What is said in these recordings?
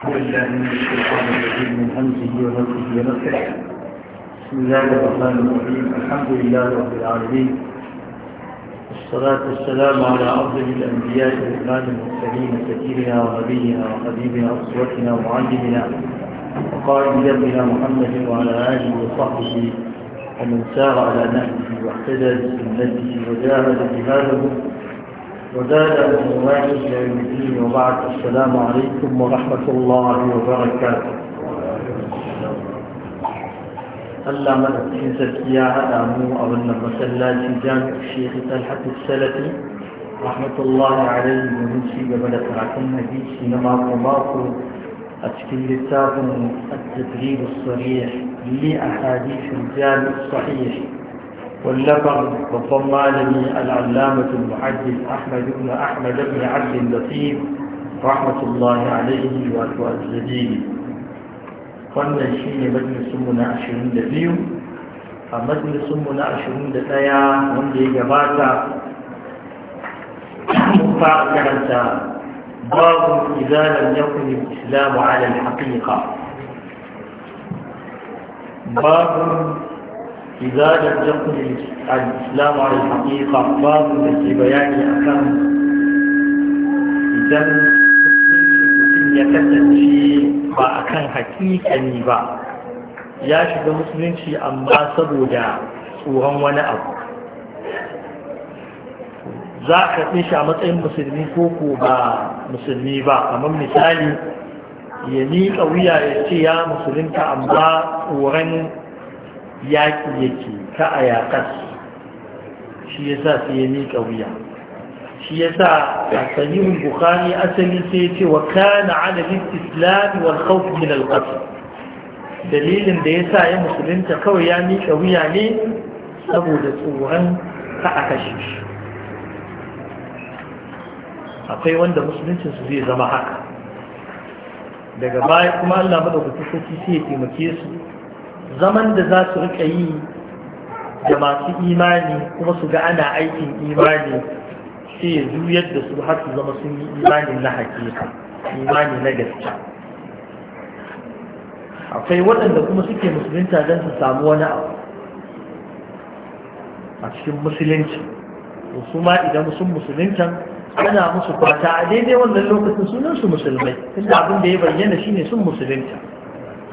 بسم الله الرحمن الرحيم الحمد لله رب العالمين والصلاة والسلام على أفضل الأنبياء والإمام المرسلين سيدنا ونبينا وحبيبنا وأسوتنا ومعلمنا وقائد ذنبنا محمد وعلى آله وصحبه ومن سار على نهجه واهتدى بسنته وجاهد جهاده وزاد من هوائه الى وبعد السلام عليكم ورحمه الله وبركاته علم الدين زكيا ادمو او النبسلا في جامع الشيخ سلحة السلفي رحمه الله عليه ومنشي قبل تراكم النبي سينما وماكو اتشكيل التابن التدريب الصريح لاحاديث الجامع الصحيح واللقب وصم علمي العلامة المحدث أحمد بن أحمد بن عبد اللطيف رحمة الله عليه وأجديه wannan shi ne majalisunmu na ashirin da biyu a majalisunmu na ashirin da ɗaya wanda ya gabata mun fara karanta babu izalar yakun islamu ala haƙiƙa babu إذا لم يكن الإسلام على الحقيقة باب في بيان أكم إذا ya kasance ba a kan hakikani ba ya shiga musulunci amma saboda tsohon wani abu za a karɓe shi a matsayin musulmi ko ko ba musulmi ba kamar misali ya miƙa wuya ya ce ya musulunta amma tsoron yaƙi yake ta a yaƙas shi ya sa sai ya miƙa wuya shi ya sa a sahihun bukhari asali sai ya ce wa kana ala islam wal khawf min al dalilin da ya sa ya musulunta kawai ya miƙa wuya ne saboda tsoron ka a kashe shi akwai wanda musuluncinsu zai zama haka daga baya kuma allah madaukakin sai ya taimake su zaman da za su rika yi da masu imani kuma su ga ana aikin imani sai ya juyar da su har su zama sun yi imani na hakika imani na gaskiya akwai waɗanda kuma suke musulunta don su samu wani abu a cikin musulunci su ma idan sun musuluntan ana musu kwata a daidai wannan lokacin sunan su musulmai tunda abin da ya bayyana shine sun musulunta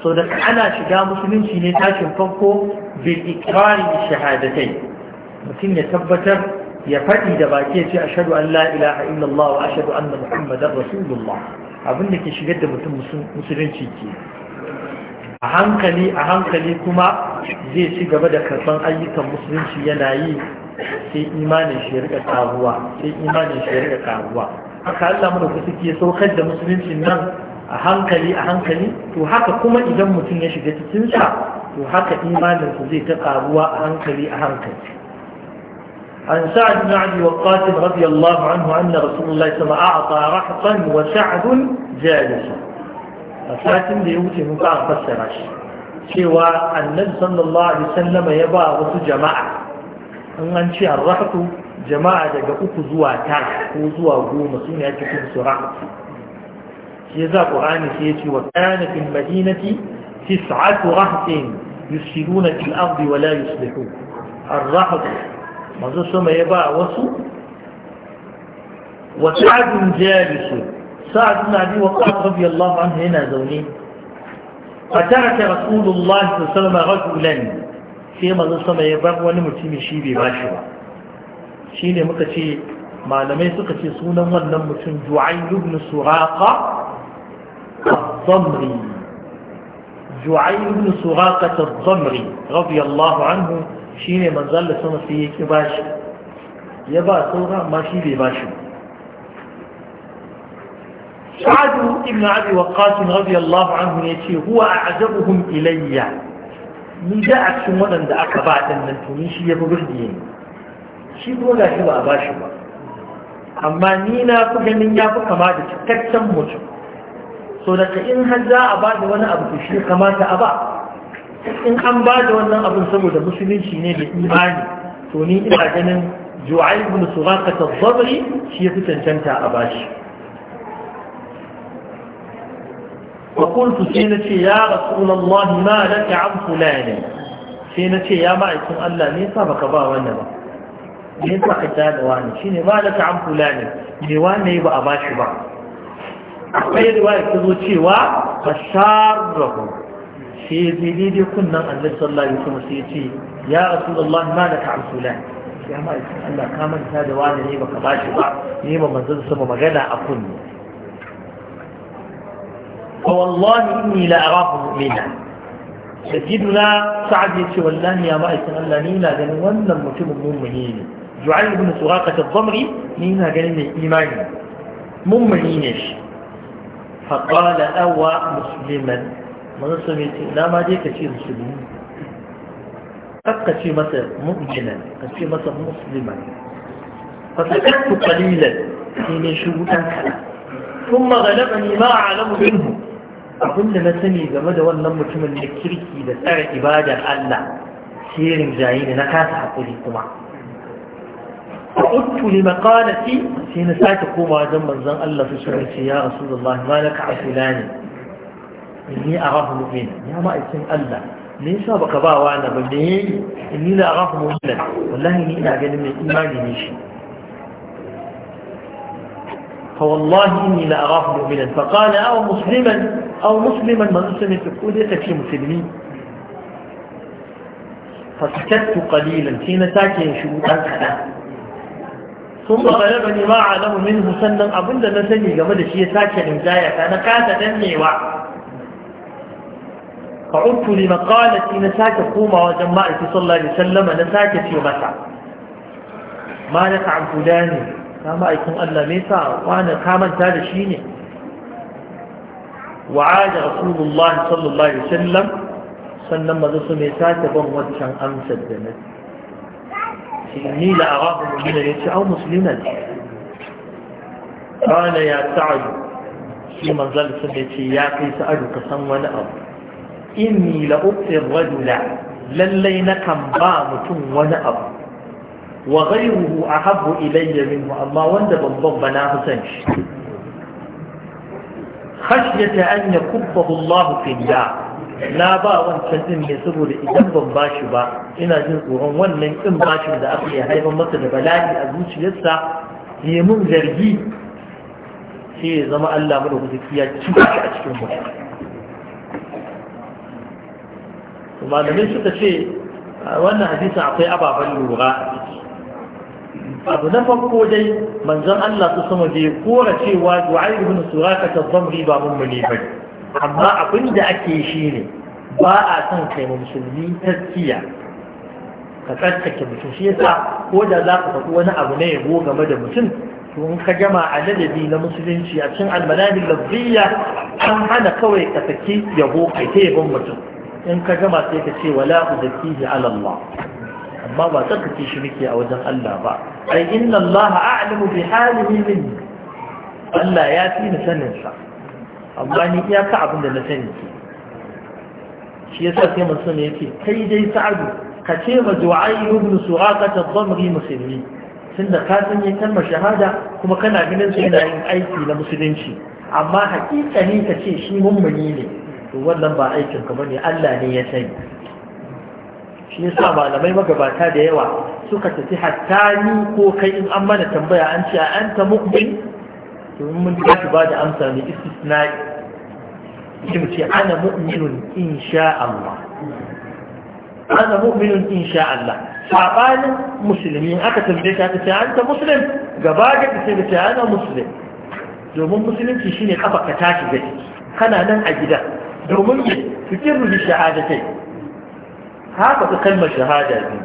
so da ana shiga musulunci ne tashin farko bil ikrari shahadatai mutum ya tabbatar ya faɗi da baki ya ce a an la illallah wa ashhadu anna muhammadar rasulullah abin da ke shigar da mutum musulunci ke a hankali a hankali kuma zai ci gaba da karban ayyukan musulunci yana yi sai imanin shi ya rika karuwa sai imanin shi ya haka Allah mu da kuke saukar da musulunci nan a hankali a hankali to haka kuma idan mutum ya shiga sa to haka imaninsa zai ta karuwa a hankali a hankali عن سعد بن عبد وقاص رضي الله عنه أن رسول الله صلى الله عليه وسلم أعطى رحقا وسعد جالسا فاتن ليوتي مقام فسرش سوى النبي صلى الله عليه وسلم يبا وسو جماعة أن أنشي الرحق جماعة دقا أكو زوا ترح وزوا قوم سنة تكون سرعة shi za qur'ani sai yace wa kana fil madinati tis'atu rahtin yusiluna fil ardi wa la yuslihun ar-rahd manzo sama ya ba wasu wa sa'd jalis sa'd ibn abi waqqas radiyallahu an yana zaune فترك رسول الله صلى salama عليه وسلم رجلا sai mazan sama ya bar wani mutumi shi bai bashi ba shi ne muka ce malamai suka ce sunan wannan mutum ju'ayn ibn suraka. الضمري جعير بن سراقة الضمري رضي الله عنه شين من ظل سنة فيه كباش يبا سورة ما شي بباش سعد بن أبي وقاص رضي الله عنه يتي هو أعجبهم إلي من جاء سمونا دا أكبات من تونيشي يبغردين شي بولا شي بأباش أما نينا فجنين يابو كما دا تكتم مجم To daga in har za a ba da wani abu shi kamata a ba in an ba da wannan abin saboda musulunci ne da imani to ni ina ganin ju'ai ibn suraka tazabri shi ya fi cancanta a bashi wa qultu sai na ce ya rasulullahi ma laka an fulani sai na ce ya ma'aikin Allah ne yasa baka ba wannan ba ne sa ka tada wani ne ma da laka an fulani me wani ba a bashi ba akwai riwaya ta zo cewa fasharrahu sai zai daidai kunnan annabi sallallahu kuma wasallam sai ya ce ya rasulullah ma da ka amsula ya ma Allah ka manta da wani ne baka bashi ba ne ma manzon sama magana a kunni fa wallahi inni la arahu mu'mina سيدنا سعد يتي والله يا مائك الله نينا جن ولا متم مؤمنين جعل بن سراقة الضمري نينا جن من ne shi. فقال أوى مسلما من سميت لا ما ديك شيء مسلم أبقى مثلا مؤمنا أبقى مثلا مسلما فسكت قليلا حين شهودا ثم غلبني ما أعلم منه أقول لما سمي جمد ولم تمن الكريكي لسعر إبادة الله سير جايين نكاس حقولي كما فقلت لمقالتي في سينساك كوما جنبا زن الله في سنة يا رسول الله ما لك عفلاني إني أراه مؤمنا يا ما إسم الله ليس بك باوانا بني إني لا أراه مؤمنا والله إني إنا من إيماني نيشي فوالله إني لا أراه مؤمنا فقال أو مسلما أو مسلما من مسلم تقول يتكي مسلمين فسكت قليلا سينساك يشوف أنك sun ba gare bane ba a lamu min sannan abinda na sani game da shi ya sake rinjaya ta na kasa dannewa fa utu ne maqalati na sake koma wajen ma'aiki sallallahu alaihi wasallama na sake ce masa ma na ka amfuda ne ka ma'aikin Allah me sa wani ka manta da shi ne وعاد رسول الله صلى الله عليه وسلم sannan mazu su mai sake ban wancan amsar da na إني لأراه مؤمنا يتي أو مسلما قال يا سعد في منزل سبيتي يا كي سألك سنوان أو إني لأبطي الرجل للي نكم بامت ونأب وغيره أحب إلي منه أما وندب الضب ناهزنش خشية أن يكبه الله في الله na ba wancan ɗin ne saboda idan ban bashi ba ina jin tsoron wannan ɗin bashin da aka yi haifan masa da bala'i a zuciyarsa ya mun zargi sai ya zama Allah mu da kuzuki ya ci a cikin mutum malamai suka ce wannan hadisin akwai ababen lura abu na farko dai manzon Allah su sama ya kora cewa du'ai ibn suraka ta ba mun ne bane amma abin da ake shi ne ba a son kai musulmi taskiya ka tsarkake mutum shi yasa ko da za ka faɗi wani abu na yabo game da mutum to in ka gama a ladabi na musulunci a cikin almanani lafiya. an hana kawai ka saki yabo kai ta yabon mutum in ka gama sai ka ce wala uzakihi ala Allah amma ba tsarkake shi muke a wajen Allah ba ai inna Allah a'lamu bi halihi min Allah ya fi ni sanin sa amma ni iyaka abin da na sani shi yasa sai mun sani yake kai dai sa'adu ka ce ma du'ai ibn suraqat ad-damri musulmi tunda ka san yin kalmar shahada kuma kana ganin su yana yin aiki na musulunci amma hakika ne ka ce shi mummuni ne to wannan ba aikin ka bane Allah ne ya sani shi yasa malamai magabata da yawa suka tafi hatta ni ko kai in an mana tambaya an ce anta mu'min to mun ba da amsa ne istisna'i sai ce ana mu'minun insha Allah ana mu'minun insha Allah sabanin musulmi aka tambaye ka ta ce an ta muslim gaba ga ta ce ana muslim domin musulunci shine kafa ka tashi gari kana nan a gida domin ne fikiru shahada shahadatai haka ka kalmar shahada ne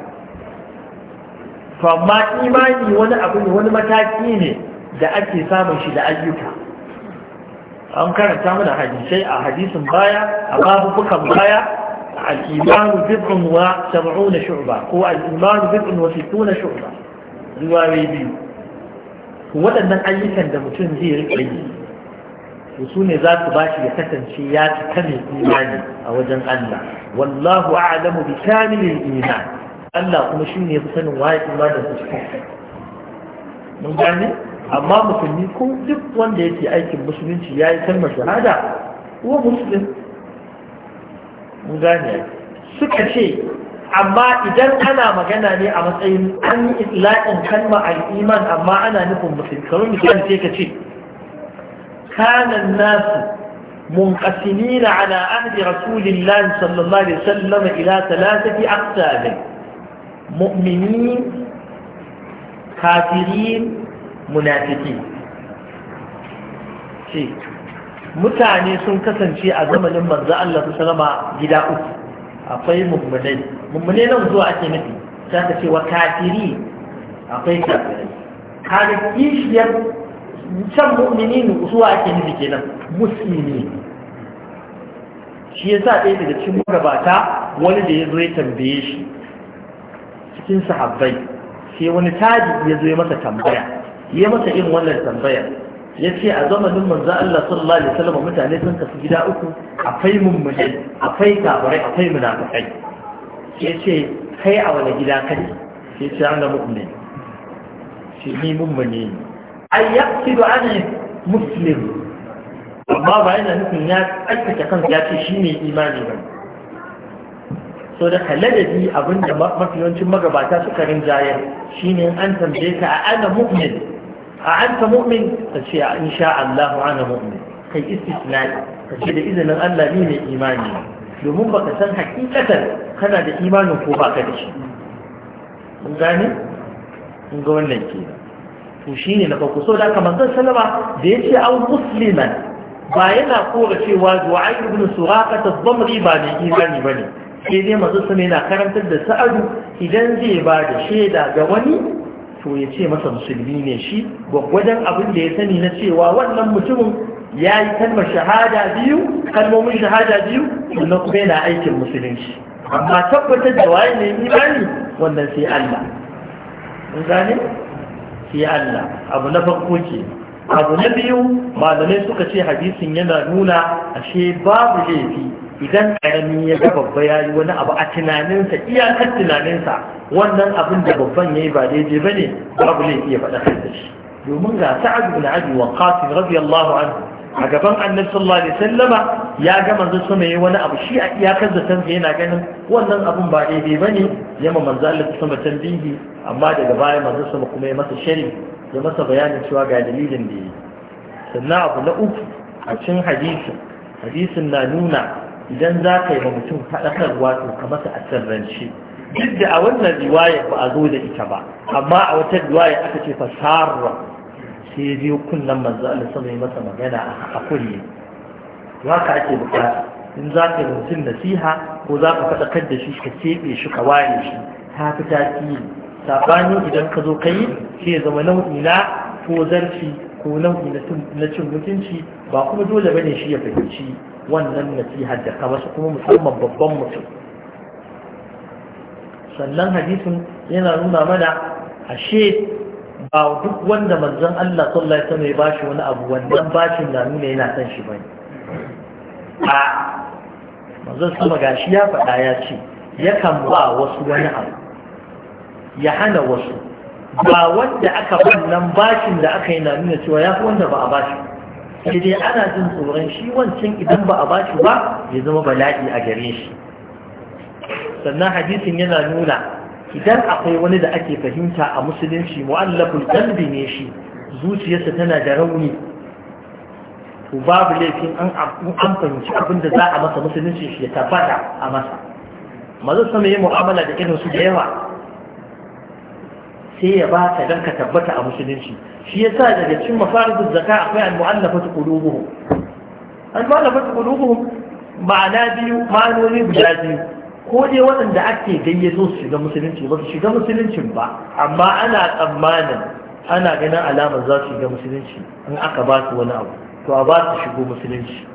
to amma imani wani abu ne wani mataki ne da ake samun shi da ayyuka an karanta mana hadisai a hadisin baya a babubukan baya al'imanu bid'un wa sab'una shu'ba ko al'imanu bid'un wa sittuna shu'ba riwaye biyu waɗannan ayyukan da mutum zai rike yi to su za su bashi shi ya kasance ya cika mai imani a wajen Allah wallahu a'lamu bi kamilil iman Allah kuma shine ya fi sanin waye da su mun gane amma musulmi ko duk wanda yake aikin musulunci ya yi kalmar shahada wa musulun mu gane suka ce amma idan ana magana ne a matsayin an yi isla'in kalma al'iman amma ana nufin musulmi kamar misali sai ka ce kanan nasu منقسمين على عهد رسول الله صلى الله ila وسلم إلى ثلاثة أقسام مؤمنين كافرين munafiki ce mutane sun kasance a zamanin manzo Allah sallama gida uku akwai mummunai mummunai nan zuwa ake nufi za ka ce wa kafiri akwai kafirai kaga kishiyar can ne zuwa ake nufi kenan musulmi shi yasa ɗaya daga cikin magabata wani da ya zo ya tambaye shi cikin sahabbai sai wani taji ya zo ya masa tambaya yi mata yin wannan tambaya ya ce a zamanin manzo Allah sallallahu alaihi wasallam mutane sun kasu gida uku akwai mummunai akwai kafirai akwai munafikai ya ce kai a wani gida kai ya ce an ga mu'min shi ni mummuni ne ai ya ci da ana muslim amma ba yana nufin ya aikata kansa ya ce shi ne imani ba so da kaladabi abinda mafi yawancin magabata suka Shi ne an tambaye ka a ana mu'min a anta mu'min ta ce a insha Allah ana mu'min kai istisnai ka ce da izinin Allah ne mai imani domin baka san hakikatan kana da imanin ko baka da shi mun gane mun ga wannan kenan to shi ne na farko so da aka manzan salama da ya ce an musliman ba yana kora cewa du'ai ibn suraka ta zamri ba mai imani ba ne sai dai manzan sama yana karantar da sa'adu idan zai ba da shaida ga wani to ya ce masa musulmi ne shi gwaggwajen abin da ya sani na cewa wannan mutumin ya yi kalmar shahada biyu kalmomin shahada biyu sannan kuma yana aikin musulunci amma tabbatar da waye ne imani wannan sai Allah mun sai Allah abu na farko ke abu na biyu malamai suka ce hadisin yana nuna ashe babu laifi idan karami ya ga babba ya yi wani abu a tunaninsa iyakar tunaninsa wannan abin da babban ya yi ba daidai ba ne babu laifi ya faɗa kai shi domin ga sa'ad ibn abi waqqas radiyallahu anhu a gaban annabi sallallahu alaihi wasallama ya ga manzo sama yayi wani abu shi a iyakar da san yana ganin wannan abun ba daidai bane yamma manzo Allah sama tambihi amma daga baya manzo sama kuma ya masa shari ya masa bayanin cewa ga dalilin da yi sannan abu na uku a cikin hadisin. hadisin na nuna idan za ka yi ma mutum faɗakarwa to ka masa a sirrance duk da a wannan riwaya ba a zo da ita ba amma a wata riwaya aka ce fa sarra sai ya biyo kunnan manzo Allah sama masa magana a kulle ka ake bukata in za ka yi mutum nasiha ko za ka faɗakar da shi ka keɓe shi ka ware shi ta fi tasiri sabanin idan ka zo ka yi sai ya zama nau'i na ko zarfi ko nau'i na cin mutunci ba kuma dole ba ne shi ya fahimci wannan nasiha da ka masa kuma musamman babban mutum sannan hadisin yana nuna mana ashe ba duk wanda manzon Allah sallallahu alaihi wasallam ya bashi wani abu wannan bashin na nuna yana son shi bane a manzon sama gashi ya faɗa ya ce yakan ba wasu wani abu ya hana wasu ba wanda aka wannan bashin da aka yi na nuna cewa ya fi wanda ba a bashi sai dai ana jin tsoron shi wancan idan ba a bashi ba ya zama bala'i a gare shi sannan hadisin yana nuna idan akwai wani da ake fahimta a musulunci mu'allafin qalbi ne shi zuciyarsa tana da rauni to babu laifin an fahimci abin da za a masa musulunci shi ya tabbata a masa maza sama yi mu'amala da irin su da yawa sai ya baka dan ka tabbata a musulunci shi yasa daga cikin mafaridul zakka akwai al-mu'allafatu qulubuhum al-mu'allafatu qulubuhum ma'ana biyu ma'anoni guda biyu ko dai waɗanda ake gayyato su shiga musulunci ba su shiga musuluncin ba amma ana tsammanin ana ganin alamar za su shiga musulunci in aka ba su wani abu to a ba su shigo musulunci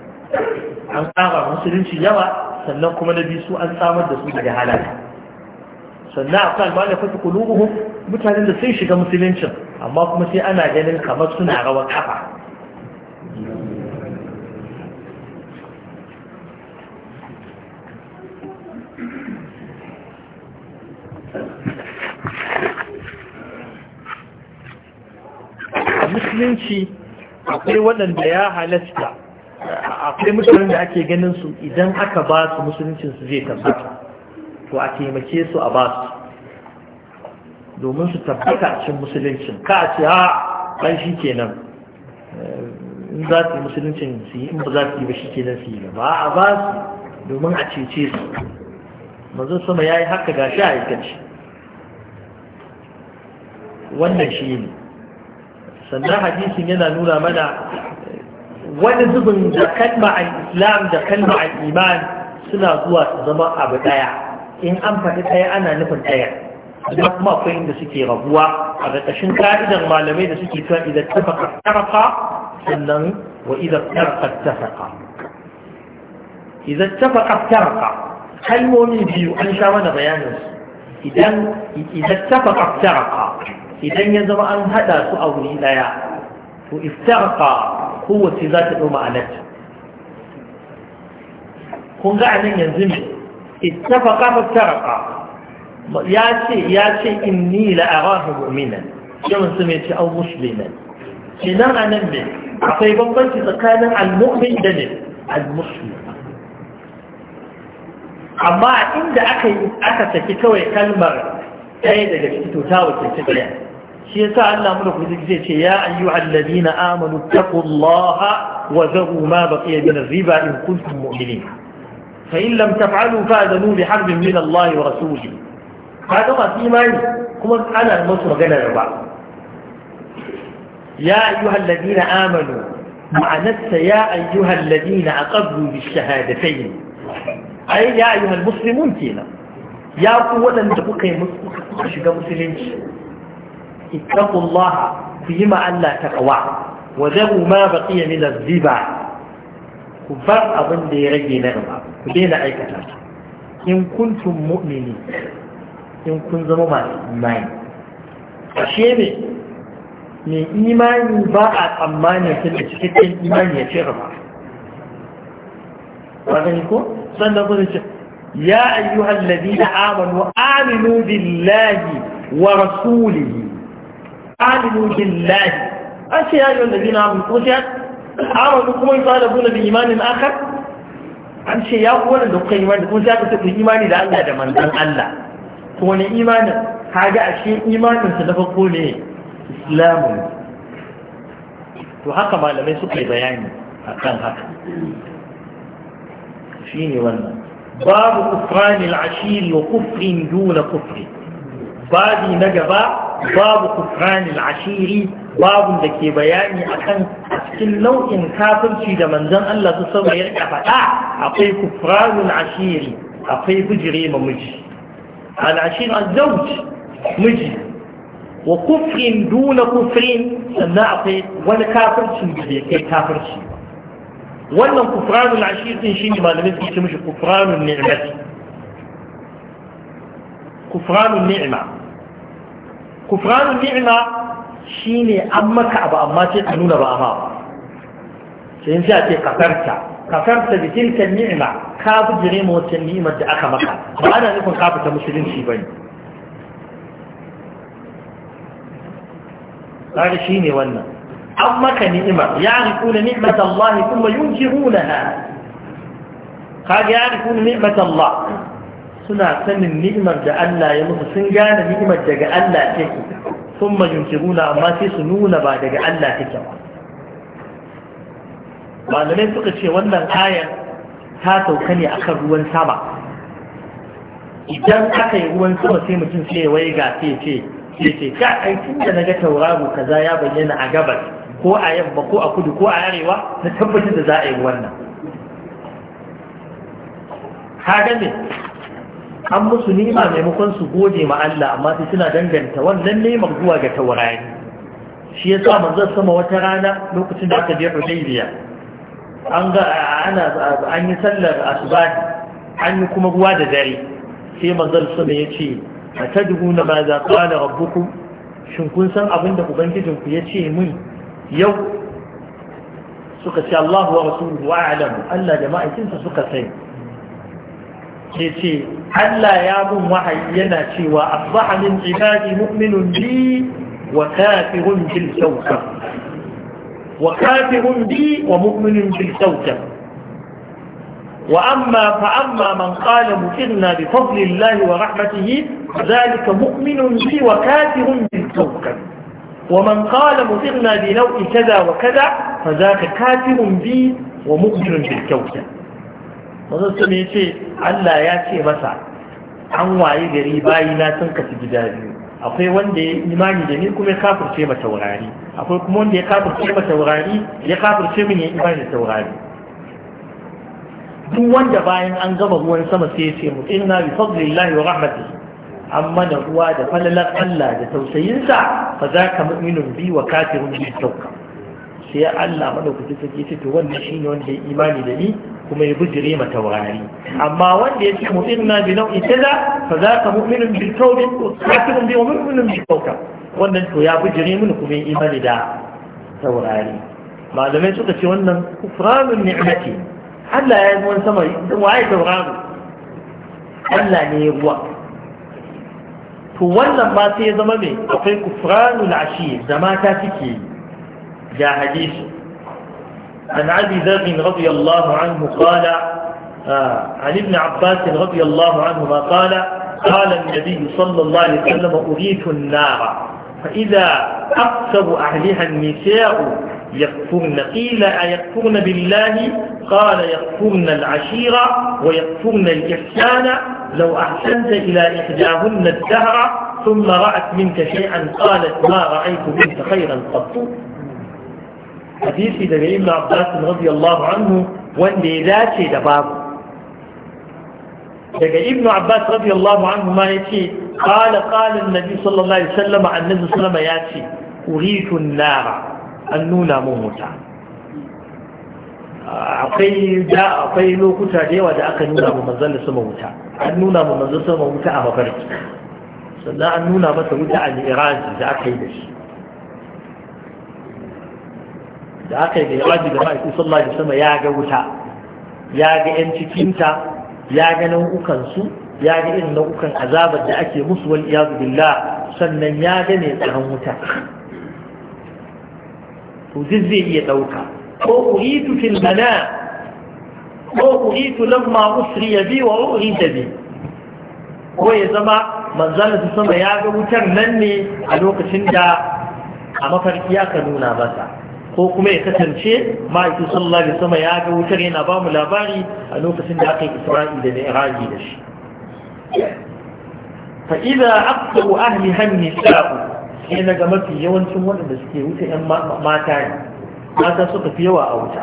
an kama musulunci yawa sannan kuma na biyu su an samar da su daga halaka sannan akwai almalafa ta uku, mutanen da sun shiga musuluncin amma kuma sai ana ganin kamar suna rawar kafa musulunci akwai waɗanda ya halasta akwai mutanen da ake ganin su idan aka ba su musuluncin su zai tabbata to a taimake su a basu domin su tabbata cin musuluncin ka a ce ha ɗan shi kenan eh, in za su yi musuluncin su yi in ba za su yi ba shi kenan su yi ba a basu domin a cece su mazu sama ya yi haka ga shi a aikace wannan shi ne sannan hadisin yana nuna mana eh, wani zubin da kalma al-islam da kalma al-iman suna zuwa su zama abu ɗaya in an faɗi ɗaya ana nufin ɗaya duk kuma akwai inda suke rabuwa a ƙarƙashin ka'idar malamai da suke cewa idan tafaka tarafa sannan wa idan tarafa tafaka idan tafaka tarafa kalmomi biyu an sha mana bayanin su idan idan tafaka tarafa idan ya zama an haɗa su a wuri ɗaya to iftarafa kowace za ta ɗau ma'anar kun ga a nan yanzu ne اتفق فافترق ياتي ياتي اني لاراه مؤمنا كما سميتي او مسلما حين انا به اخي بطلت تكالا المؤمن دليل المسلم أما عند أكي أكتك كوي كلمة أيضا كتو تاوي كتبيا شيء سألنا ملك بذلك يا أيها الذين آمنوا اتقوا الله وذروا ما بقي من الربا إن كنتم مؤمنين فإن لم تفعلوا فأذنوا بحرب من الله ورسوله هذا ما في إيماني كما أنا المصر جنة ربع يا أيها الذين آمنوا مع نفس يا أيها الذين أقبلوا بالشهادتين أي يا أيها المسلمون فينا يا قوة أن تبقي مسلمين اتقوا الله فيما ألا تقوى وذروا ما بقي من الزبع كفر أظن لي ليرجي نغمه بلا أي كتاب إن كنتم مؤمنين إن كنتم مؤمنين أشيبي من إيمان باء أمان يتلتكتن إيمان يتغفى فذلك صلى الله عليه وسلم يا أيها الذين آمنوا آمنوا بالله ورسوله آمنوا بالله أشياء الذين آمنوا أشياء آمنوا كم يطالبون بإيمان آخر an ce ya ku wannan da kuka imani kuma sai ka ku imani da Allah da manzon Allah to wani imani kaga ashe imanin sa na farko ne islamu to haka malamai suka yi bayani akan haka shine wannan babu kufranil ashir wa kufrin duna kufrin babi na gaba babu kufranin ashiri babu da ke bayani a kan cikin nau'in kafirci da manzan Allah su sama ya rika faɗa akwai kufranin ashiri akwai bujire ma miji al-ashir az-zawj miji wa kufrin duna kufrin sannan akwai wani kafirci da ya kai kafirci wannan kufranin ashirin din shine malamin su ce mishi kufranin ni'mati kufranin ni'ma kufranu ni'ima shine an maka abu amma sai ka nuna ba amma ba sai sai a ce kafarta kafarta bi tilka ni'ima ka bijire mu wata ni'imar da aka maka ba ana nufin ka fita musulunci bane kaga shine wannan an maka ni'ima ya'rifuna ni'mat Allah kuma yunkirunaha kaga ya'rifuna ni'mat Allah suna sanin ni'imar da Allah ya musu sun gane ni'imar daga Allah take sun majunkiruna amma sai su nuna ba daga Allah take ba malamai suka ce wannan ayar ta sauka ne akan ruwan sama idan aka yi ruwan sama sai mutum sai ya waiga sai ce sai ce ka ai tun da naga tauraro kaza ya bayyana a gabas ko a yamma ko a kudu ko a arewa na tabbatar da za a yi wannan ka gane an musu nima maimakon su gode ma Allah amma sai suna danganta wannan nemar zuwa ga taurari shi yasa manzon sama wata rana lokacin da aka je Hudaybiya an ga ana an yi sallar asuba an yi kuma ruwa da dare sai manzon sama ya ce ma za qala rabbukum shin kun san abin da ubangijinku ya ce min yau suka ce Allahu wa rasuluhu Allah da ma'aikinsa suka sani ke ce Allah ya bin wahayi yana cewa asbaha min ibadi mu'minun bi wa kafirun bil shawka wa kafirun bi wa mu'minun bil shawka wa amma fa amma man qala mu'minna bi fadlillahi wa rahmatihi ذلك مؤمن بي وكافر بالكوكب ومن قال مطرنا بنوء كذا وكذا فذاك كافر بي ومؤمن بالكوكب manzon su ya ce Allah ya ce masa an waye gari bayi na sun kasu gida biyu akwai wanda ya imani da ni kuma ya kafirce ma taurari akwai kuma wanda ya kafirce ma taurari ya kafirce min ya imani da taurari duk wanda bayan an gama ruwan sama sai ya ce mu inna bi fadlillahi wa rahmatihi amma da ruwa da falalar Allah da tausayinsa fa za ka mu'minun bi wa kafirun bi tauka sai Allah madaukaki sai ya ce to wannan shine wanda ya imani da ni kuma ya bijire ma taurari amma wanda ya ce mu'minna bi nau'in kaza fa za ka mu'minun bil kawli kafirun bi mu'minun bil kawka wannan to ya bijire mun kuma ya imani da taurari malamai suka ce wannan kufranun ni'mati Allah ya yi ruwan sama waye tauraro? Allah ne ya ruwa to wannan ba sai ya zama mai akwai kufranul ashi zama ta take ya hadisi عن ابي ذر رضي الله عنه قال آه عن ابن عباس رضي الله عنهما قال قال النبي صلى الله عليه وسلم أريت النار فإذا أكثر أهلها النساء يكفرن قيل أيكفرن بالله قال يكفرن العشيرة ويكفرن الإحسان لو أحسنت إلى إحداهن الدهر ثم رأت منك شيئا قالت ما رأيت منك خيرا قط hadisi daga ibn abbas radiyallahu anhu wanda ya dace da babu daga ibn abbas radiyallahu anhu ma yace qala qala annabi sallallahu alaihi wasallam annabi sallama yace uritu an-nara an nuna mun wuta akwai da akwai lokuta da yawa da aka nuna mu manzon sama wuta an nuna mu manzon sama wuta a mafarki sannan an nuna masa wuta a mi'raji da aka yi da shi da aka yi da yawaji da ma'aikin sallah da sama ya ga wuta ya ga 'yan cikinta ya ga nau'ukansu ya ga irin nau'ukan azabar da ake musu wal iyazu billah sannan ya ga mai tsaron wuta to duk zai iya ɗauka ko uritu fil mana ko uritu lamma usriya bi wa urida bi ko ya zama manzana su sama ya ga wutar nan ne a lokacin da a mafarki aka nuna masa ko kuma ya kasance ma'aikin sallallahu alaihi Sama ya ga wutar yana ba mu labari a lokacin da aka yi isra'i da mi'raji da shi fa idza aqtu ahli hanni sa'u sai na ga mafi yawancin waɗanda suke wuta ‘yan mata ne mata suka fi yawa a wuta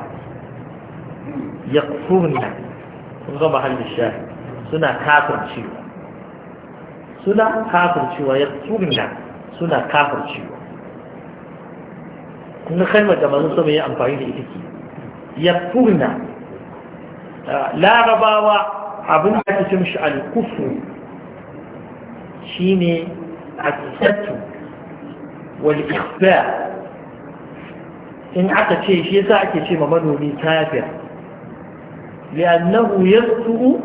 ya sun zama halin shafi suna kafircewa suna kafircewa ya suna kafircewa kun kalmar da manzo sama ya amfani da ita ke yakfurna larabawa abin da ake cimshi shi al-kufru shine at-tattu wal ikhfa in aka ce shi yasa ake ce ma manomi kafir لأنه يسطو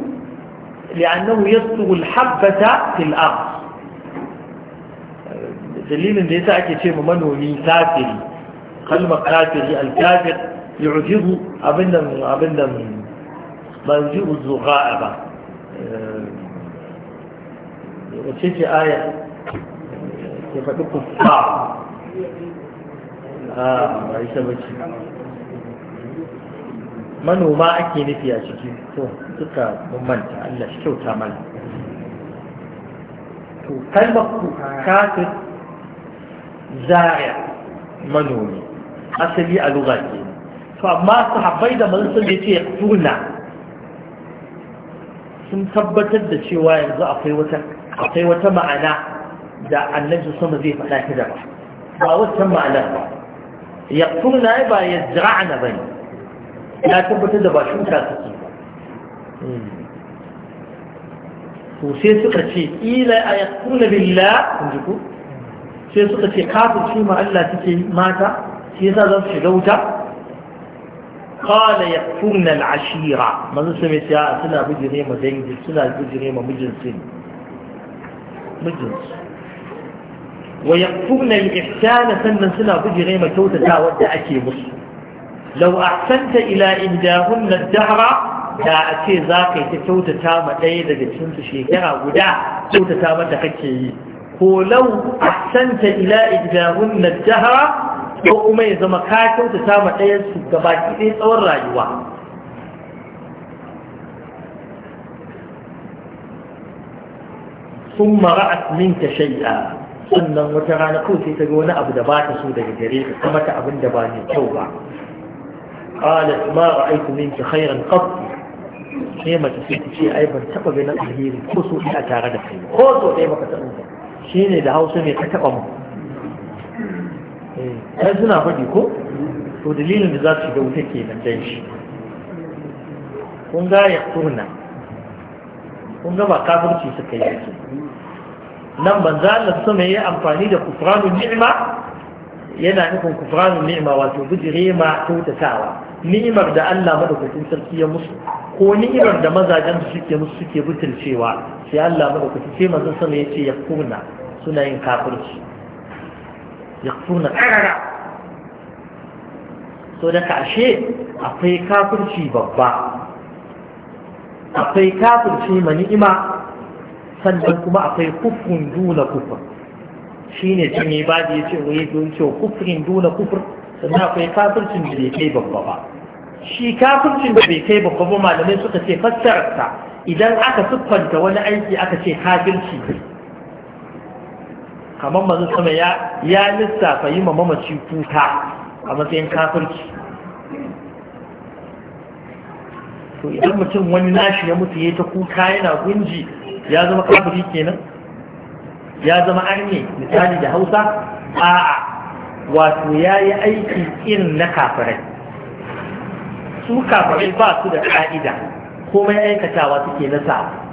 لأنه يسطو الحبة في dalilin da ya sa ake ce ma manomi kafiri قلم كافر الكافر يعجبه أبنى أبنى ما يجيب الزغائب وشيء آية كيف تقول فاع آه عيسى بشي من وما أكي نفيا شكي تكا ممنت ألا شكو تعمل كلمة كافر زائع منومي asali a lugha ke to amma sahabbai da manzon da ce yaqtuluna sun tabbatar da cewa yanzu akwai wata ma'ana da annabi sama zai faɗa ta da ba wata ma'anar ba yaqtuluna ba yazra'na bane ya tabbatar da ba shuka suke ba to sai suka ce ila a yakuna billah kun ji sai suka ce kafirci ma Allah take mata shi yasa za su shiga wuta qala yakfurna al-ashira manzo sai mai tsaya suna bijire ma dangi suna bijire ma mijinsu ne mijinsu wa yakfurna al-ihsana sannan suna bijire ma kyautata wanda ake musu Lau ahsanta ila indahunna ad-dahra da a ce za ka yi ta kyautata ma ɗaya daga cinsu shekara guda kyautata mata kake yi ko lau ahsanta ila ijdahun najjahara ko kuma ya zama ka ta ma ɗayan su baki ɗaya tsawon rayuwa sun mara'at minka shay'a sannan wata rana kawai sai ta ga wani abu da ba ta so daga gare ka kuma ta abin da ba mai kyau ba qalat ma ra'aytu minki khairan qat sai mace sai ta ce ai ban taba ganin alheri ko so a tare da kai ko so dai baka taɓa ba shine da Hausa ne ka taɓa mu ai suna faɗi ko to dalilin da za su shiga wuta ke nan dan shi kun ga ya kurna kun ga ba kafirci suka yi yake nan banza Allah sama yi amfani da kufranun ni'ima yana nufin kufranun ni'ima wato bijire ma kyautatawa ni'imar da Allah madaukakin sarki ya musu ko ni'imar da mazajen su suke musu suke butulcewa sai Allah madaukakin sai manzon sama ya ce ya kurna suna yin kafirci yaqtuna ƙarara so da ashe akwai kafirci babba akwai kafirci ma ni'ima sannan kuma akwai kufrun duna kufur ne cin yi da ya ce waye don ce kufrin duna kufur sannan akwai kafircin da bai kai babba ba shi kafircin da bai kai babba ba malamai suka ce fassararsa idan aka siffanta wani aiki aka ce kafirci kamar mazu sama ya ya lissafa yi ma mamaci kuka a matsayin kafirci to idan mutum wani nashi ya mutu ya ta kuka yana gunji ya zama kafiri kenan ya zama arne misali da hausa a'a wato ya yi aiki irin na kafirai su kafirai ba su da ka'ida komai aikatawa suke na sa'a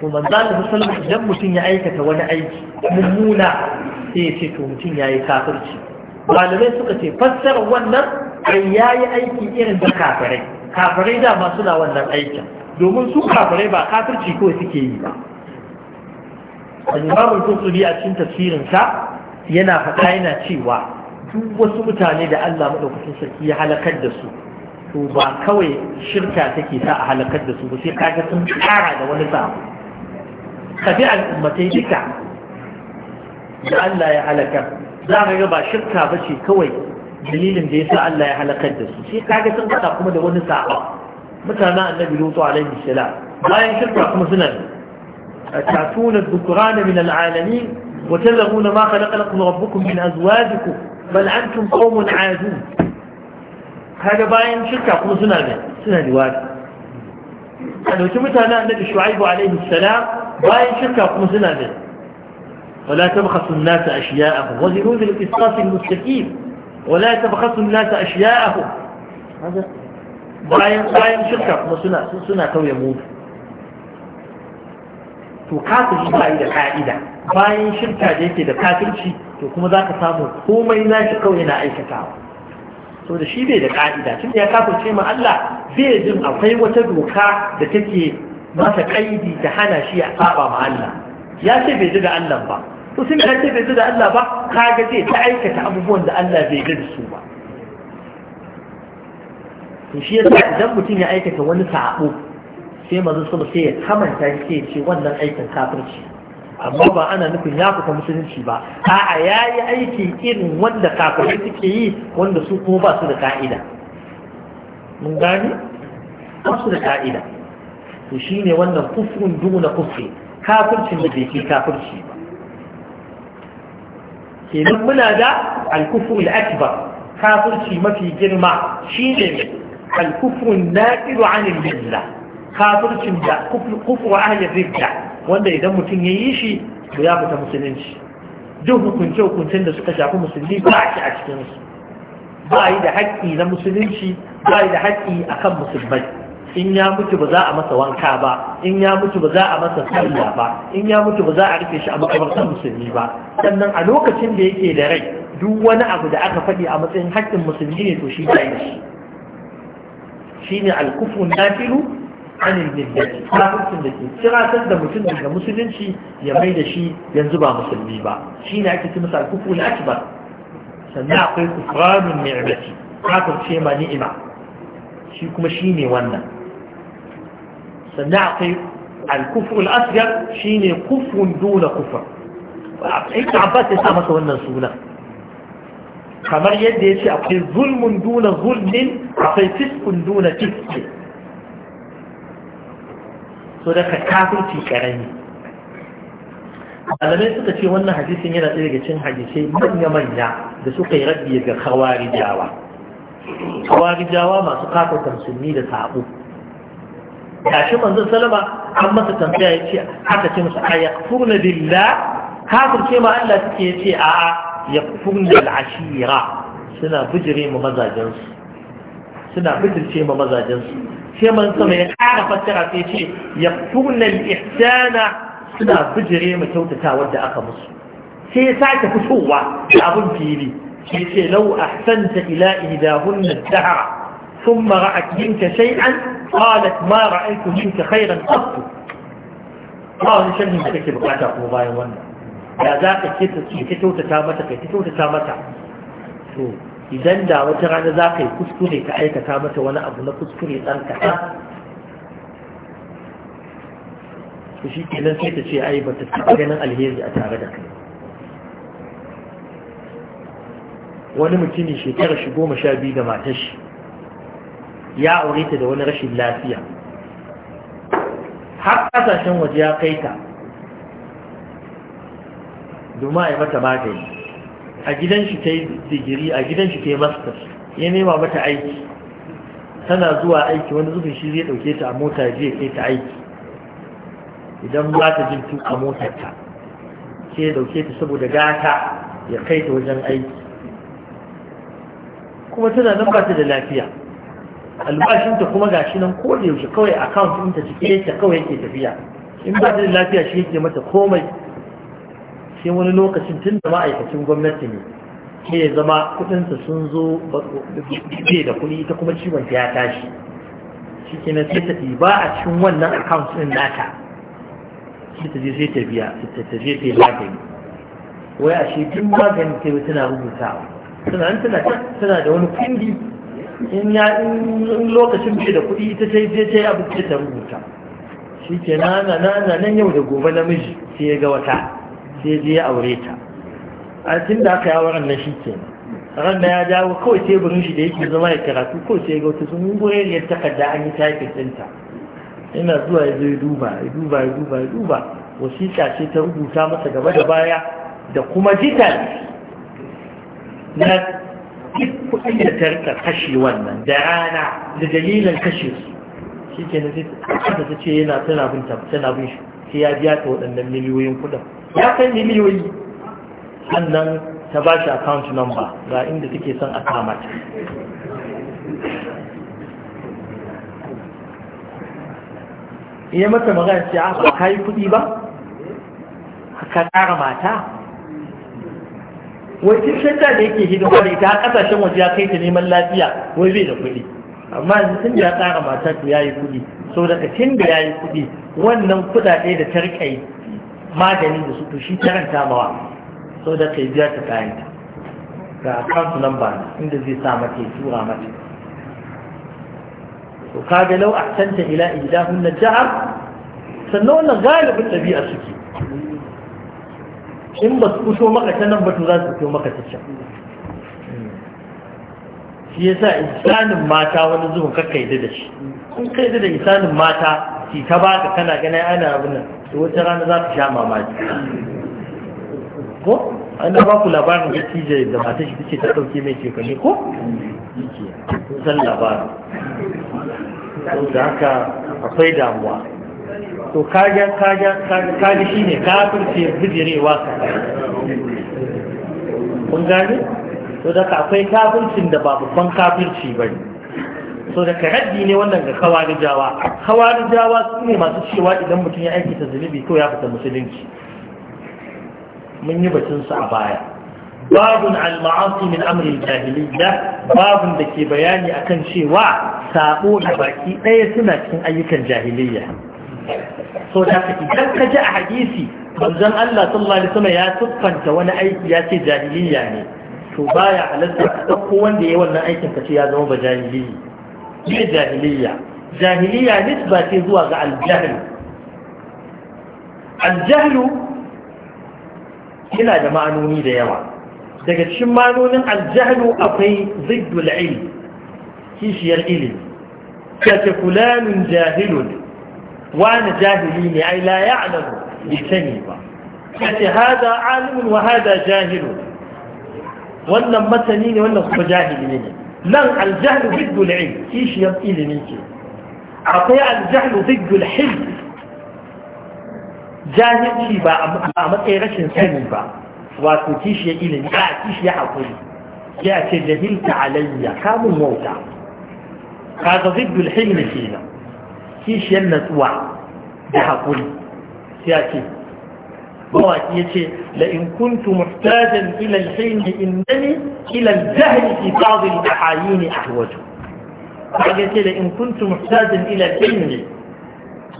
to manzo Allah sallallahu idan mutum ya aikata wani aiki mummuna sai ce to mutum yayi kafirci malamai suka ce fassara wannan ai yayi aiki irin da kafirai kafirai da ma suna wannan aikin domin su kafirai ba kafirci kawai suke yi ba al-imam al-qurtubi a cikin tafsirin sa yana faɗa yana cewa duk wasu mutane da Allah madaukakin sarki ya halakar da su to ba kawai shirka take sa a halakar da su ba sai kaga sun kara da wani sabo ka bi al'ummatai duka da Allah ya halaka za ka ga ba shirka ba ce kawai dalilin da ya sa Allah ya halakar da su sai kaga sun faɗa kuma da wani sa'a mutanen annabi lutu alaihi salam bayan shirka kuma suna tatuna dhukrana min al'alamin wa tazamuna ma khalaqa lakum rabbukum min azwajikum bal antum qaumun aadun kaga bayan shirka kuma suna ne suna liwati a dauki mutanen annabi shu'aibu alaihi salam bayan shirka kuma suna ne wala tabkhasu an-nasa ashiya'ahum wa zinu bil qisas al-mustaqim wala tabkhasu an-nasa ashiya'ahum hada bayan bayan shirka kuma suna suna kauye mutu to kafiri ba yi da ka'ida bayan shirka da yake da kafirci to kuma za ka samu komai na shi kawai na aikatawa to da shi bai da ka'ida tun ya kafirce ma Allah zai jin akwai wata doka da take masa kaidi ta hana shi a saba ma Allah ya ce bai ji da Allah ba to sun ka ce bai ji da Allah ba kaga zai ta aikata abubuwan da Allah bai ji su ba to shi yasa idan mutum ya aikata wani sabo sai manzo sallallahu sai ya kamanta shi sai ce wannan aikin kafirci amma ba ana nufin ya fita musulunci ba a'a yayi aiki irin wanda kafirai suke yi wanda su kuma ba su da ka'ida mun gani? ba su da ka'ida to ne wannan kufrun duna kufri kafircin da bai ke kafirci ba kenan muna da al-kufru al-akbar kafirci mafi girma shine al-kufru an-naqidu 'an al-millah kafircin da kufru ahli ridda wanda idan mutum ya yi shi to ya fita musulunci duk hukunce hukuncen da suka shafi musulmi ba shi a cikinsu. ba yi da haƙƙi na musulunci ba yi da haƙƙi akan musulmai in ya mutu ba za a masa wanka ba in ya mutu ba za a masa sallah ba in ya mutu ba za a rufe shi a makabartar musulmi ba sannan a lokacin da yake da rai duk wani abu da aka faɗi a matsayin haƙƙin musulmi ne to shi ya yi shi shine na nafilu anil millati kafircin da ke kirasar da mutum daga musulunci ya mai da shi yanzu ba musulmi ba ne ake ci masa ci ba. sannan akwai kufranun kafin ce ma ni'ima shi kuma shi ne wannan sannan akwai al-kufr al-asghar shine kufrun duna kufr abbas ya sa masa wannan suna kamar yadda ya yace akwai zulmun duna zulmin akwai fiskun duna fiski so da ka kafirci karami malamai suka ce wannan hadisin yana ɗaya daga cin hadisai manya-manya da suka yi rabbi ga kawarijawa kawarijawa masu kafa musulmi da sabo ga shi salama an masa tambaya ya ce haka ce musu a yakfurna billah kafir ce ma Allah suke ya ce a'a yakfurna al'ashira suna bijire mu mazajensu suna bijirce ma mazajensu sai man sama ya ƙara fassara sai ce yakfurna al'ihsana suna bijire mu kyautata wadda aka musu sai ya sake fitowa da abun fili sai ce lau ahsanta ila idahunna dahara ثم رأت منك شيئا قالت ما رأيت منك خيرا قط ba wani sharhin da kake bukata kuma bayan wannan da za ka ke mata kai kyautata mata to idan da wata rana za ka yi kuskure ka aikata mata wani abu na kuskure ɗan kenan sai ta ce ai ba ta taɓa ganin alheri a tare da kai wani mutumi shekarar shi goma sha biyu da matar shi ya aure ta da wani rashin lafiya har kasashen waje ya kai ta domin a yi mata magani a gidan shi ta yi digiri a gidan shi ta yi masters ya nema mata aiki tana zuwa aiki wani zubin shi zai dauke ta a mota je kai ta aiki idan ba ta jin tuka motar ta ke dauke ta saboda gata ya kai ta wajen aiki kuma tana nan ba ta da lafiya albashinta kuma gashi nan ko yaushe kawai account ɗinta cike yake kawai yake tafiya in ba da lafiya shi yake mata komai sai wani lokacin tun da ma'aikacin gwamnati ne sai ya zama kudinsa sun zo bai da kuɗi ta kuma ciwon ta ya tashi shi ke sai ta ɗiba a cikin wannan account ɗin nata sai ta je sai ta biya ta ta je ta yi magani wai a shi duk magani ta yi tana rubutawa tana tana da wani kundi in ya in lokacin bai da kuɗi ita sai je ta yi abu ce ta rubuta shi ke nana nana nan yau da gobe namiji sai ya ga wata sai je ya aure ta a cikin da aka yawon nan shi ke ran da ya dawo kawai teburin shi da yake zama ya karatu kawai sai ya ga wata sun yi gure ya takarda an yi taifin ɗinta ina zuwa ya zo ya duba ya duba ya duba ya duba wasiƙa ce ta rubuta masa gaba da baya da kuma jita na duk kuɗin da ta rika kashe wannan da rana da dalilin kashe su shi ke na zai ta ce yana tana bin tana bin shi sai ya biya ta waɗannan miliyoyin kuɗin ya kai miliyoyi sannan ta ba shi account number ga inda take son a kama ta iya mata magana ce a ah, ba ka yi kuɗi ba ka ƙara mata wai cikin shadda da yake hidima da ita kasashen waje ya kai ta neman lafiya wai bai da kuɗi amma yanzu tun ya tsara mata to yayi kuɗi so daga tun da yayi kuɗi wannan kuɗaɗe da tarkai magani da su to shi karanta mawa so da kai biya ta kayan ta ga account number inda zai sa mata ya tura mata to kaga lau canta ila ihdahunna jahar sannan wannan galibin ɗabi'a suke in ba su fito maka ta nan ba su za su fito maka ta can shi ya sa isanin mata wani zuwa kakka yi da shi in kai da isanin mata ki ta baka kana ganin ana abin nan to wata rana za ku sha mamaki ko an ba ku labarin da tije da mata shi take ta dauke mai shekaru ko san labarin da haka akwai damuwa to kaga kaga kaga shine kafirce bijirewa kun gane to da akwai kafircin da ba babban kafirci bane so da ka ne wannan ga kawarijawa kawarijawa su ne masu cewa idan mutum ya aiki ta zunubi to ya fita musulunci mun yi batun su a baya babun al-ma'asi min amri jahiliyya babun da ke bayani akan cewa sabo da baki ɗaya suna cikin ayyukan jahiliyya so da ka idan ka ji a hadisi manzon Allah sallallahu alaihi wasallam ya tuffanta wani aiki ya ce jahiliya ne to baya halatta ka dauko wanda yayi wannan aikin ka ce ya zama ba jahiliyi ne jahiliya jahiliya nisba ce zuwa ga aljahl aljahlu yana da ma'anoni da yawa daga cikin ma'anonin aljahlu akwai ziddul ilm kishiyar ilimi kace fulanun jahilun wani jahili ne ai la ya'lamu bi sani ba kace hada alimun wa hada jahilu wannan masani ne wannan kuma jahili ne nan aljahlu biddu al-ilm kishi yam ilimi ke akwai aljahlu biddu al-hilm jahilci ba a matsayin rashin sani ba wato kishi ya ilimi a kishi ya hakuri ya ce jahilta alayya kamun wauta kaga biddu al-hilm kenan kishiyar natsuwa da haƙuri sai a ce mawaki ya ce la'in kuntu muhtajan ilal haini indani ilal jahili fi da ahayi ne a wajen ya ce la'in kuntu muhtajan ilal haini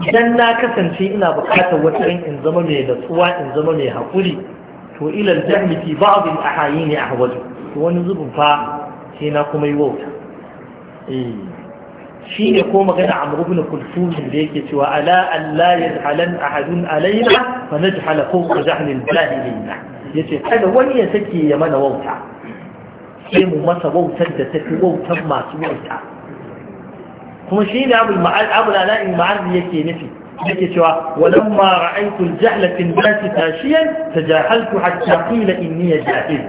idan na kasance ina buƙatar wata in zama mai natsuwa in zama mai haƙuri to ilal jahili fi da ahayi ne a wajen wani zubin fa sai na kuma yi wauta eh. shi ya koma magana a murubin kulfumin da yake cewa ala Allah ya halan ahadun alaina ba na jihala ko ku jahalin jahilina ya ce kada wani ya sake ya mana wauta sai mu masa wautar da tafi wautar masu wauta kuma shi ne abu ala in ma'arzi yake nufi yake cewa walamma ra'aytu al-jahla fi an-nas tashiyan tajahaltu hatta qila ya jahil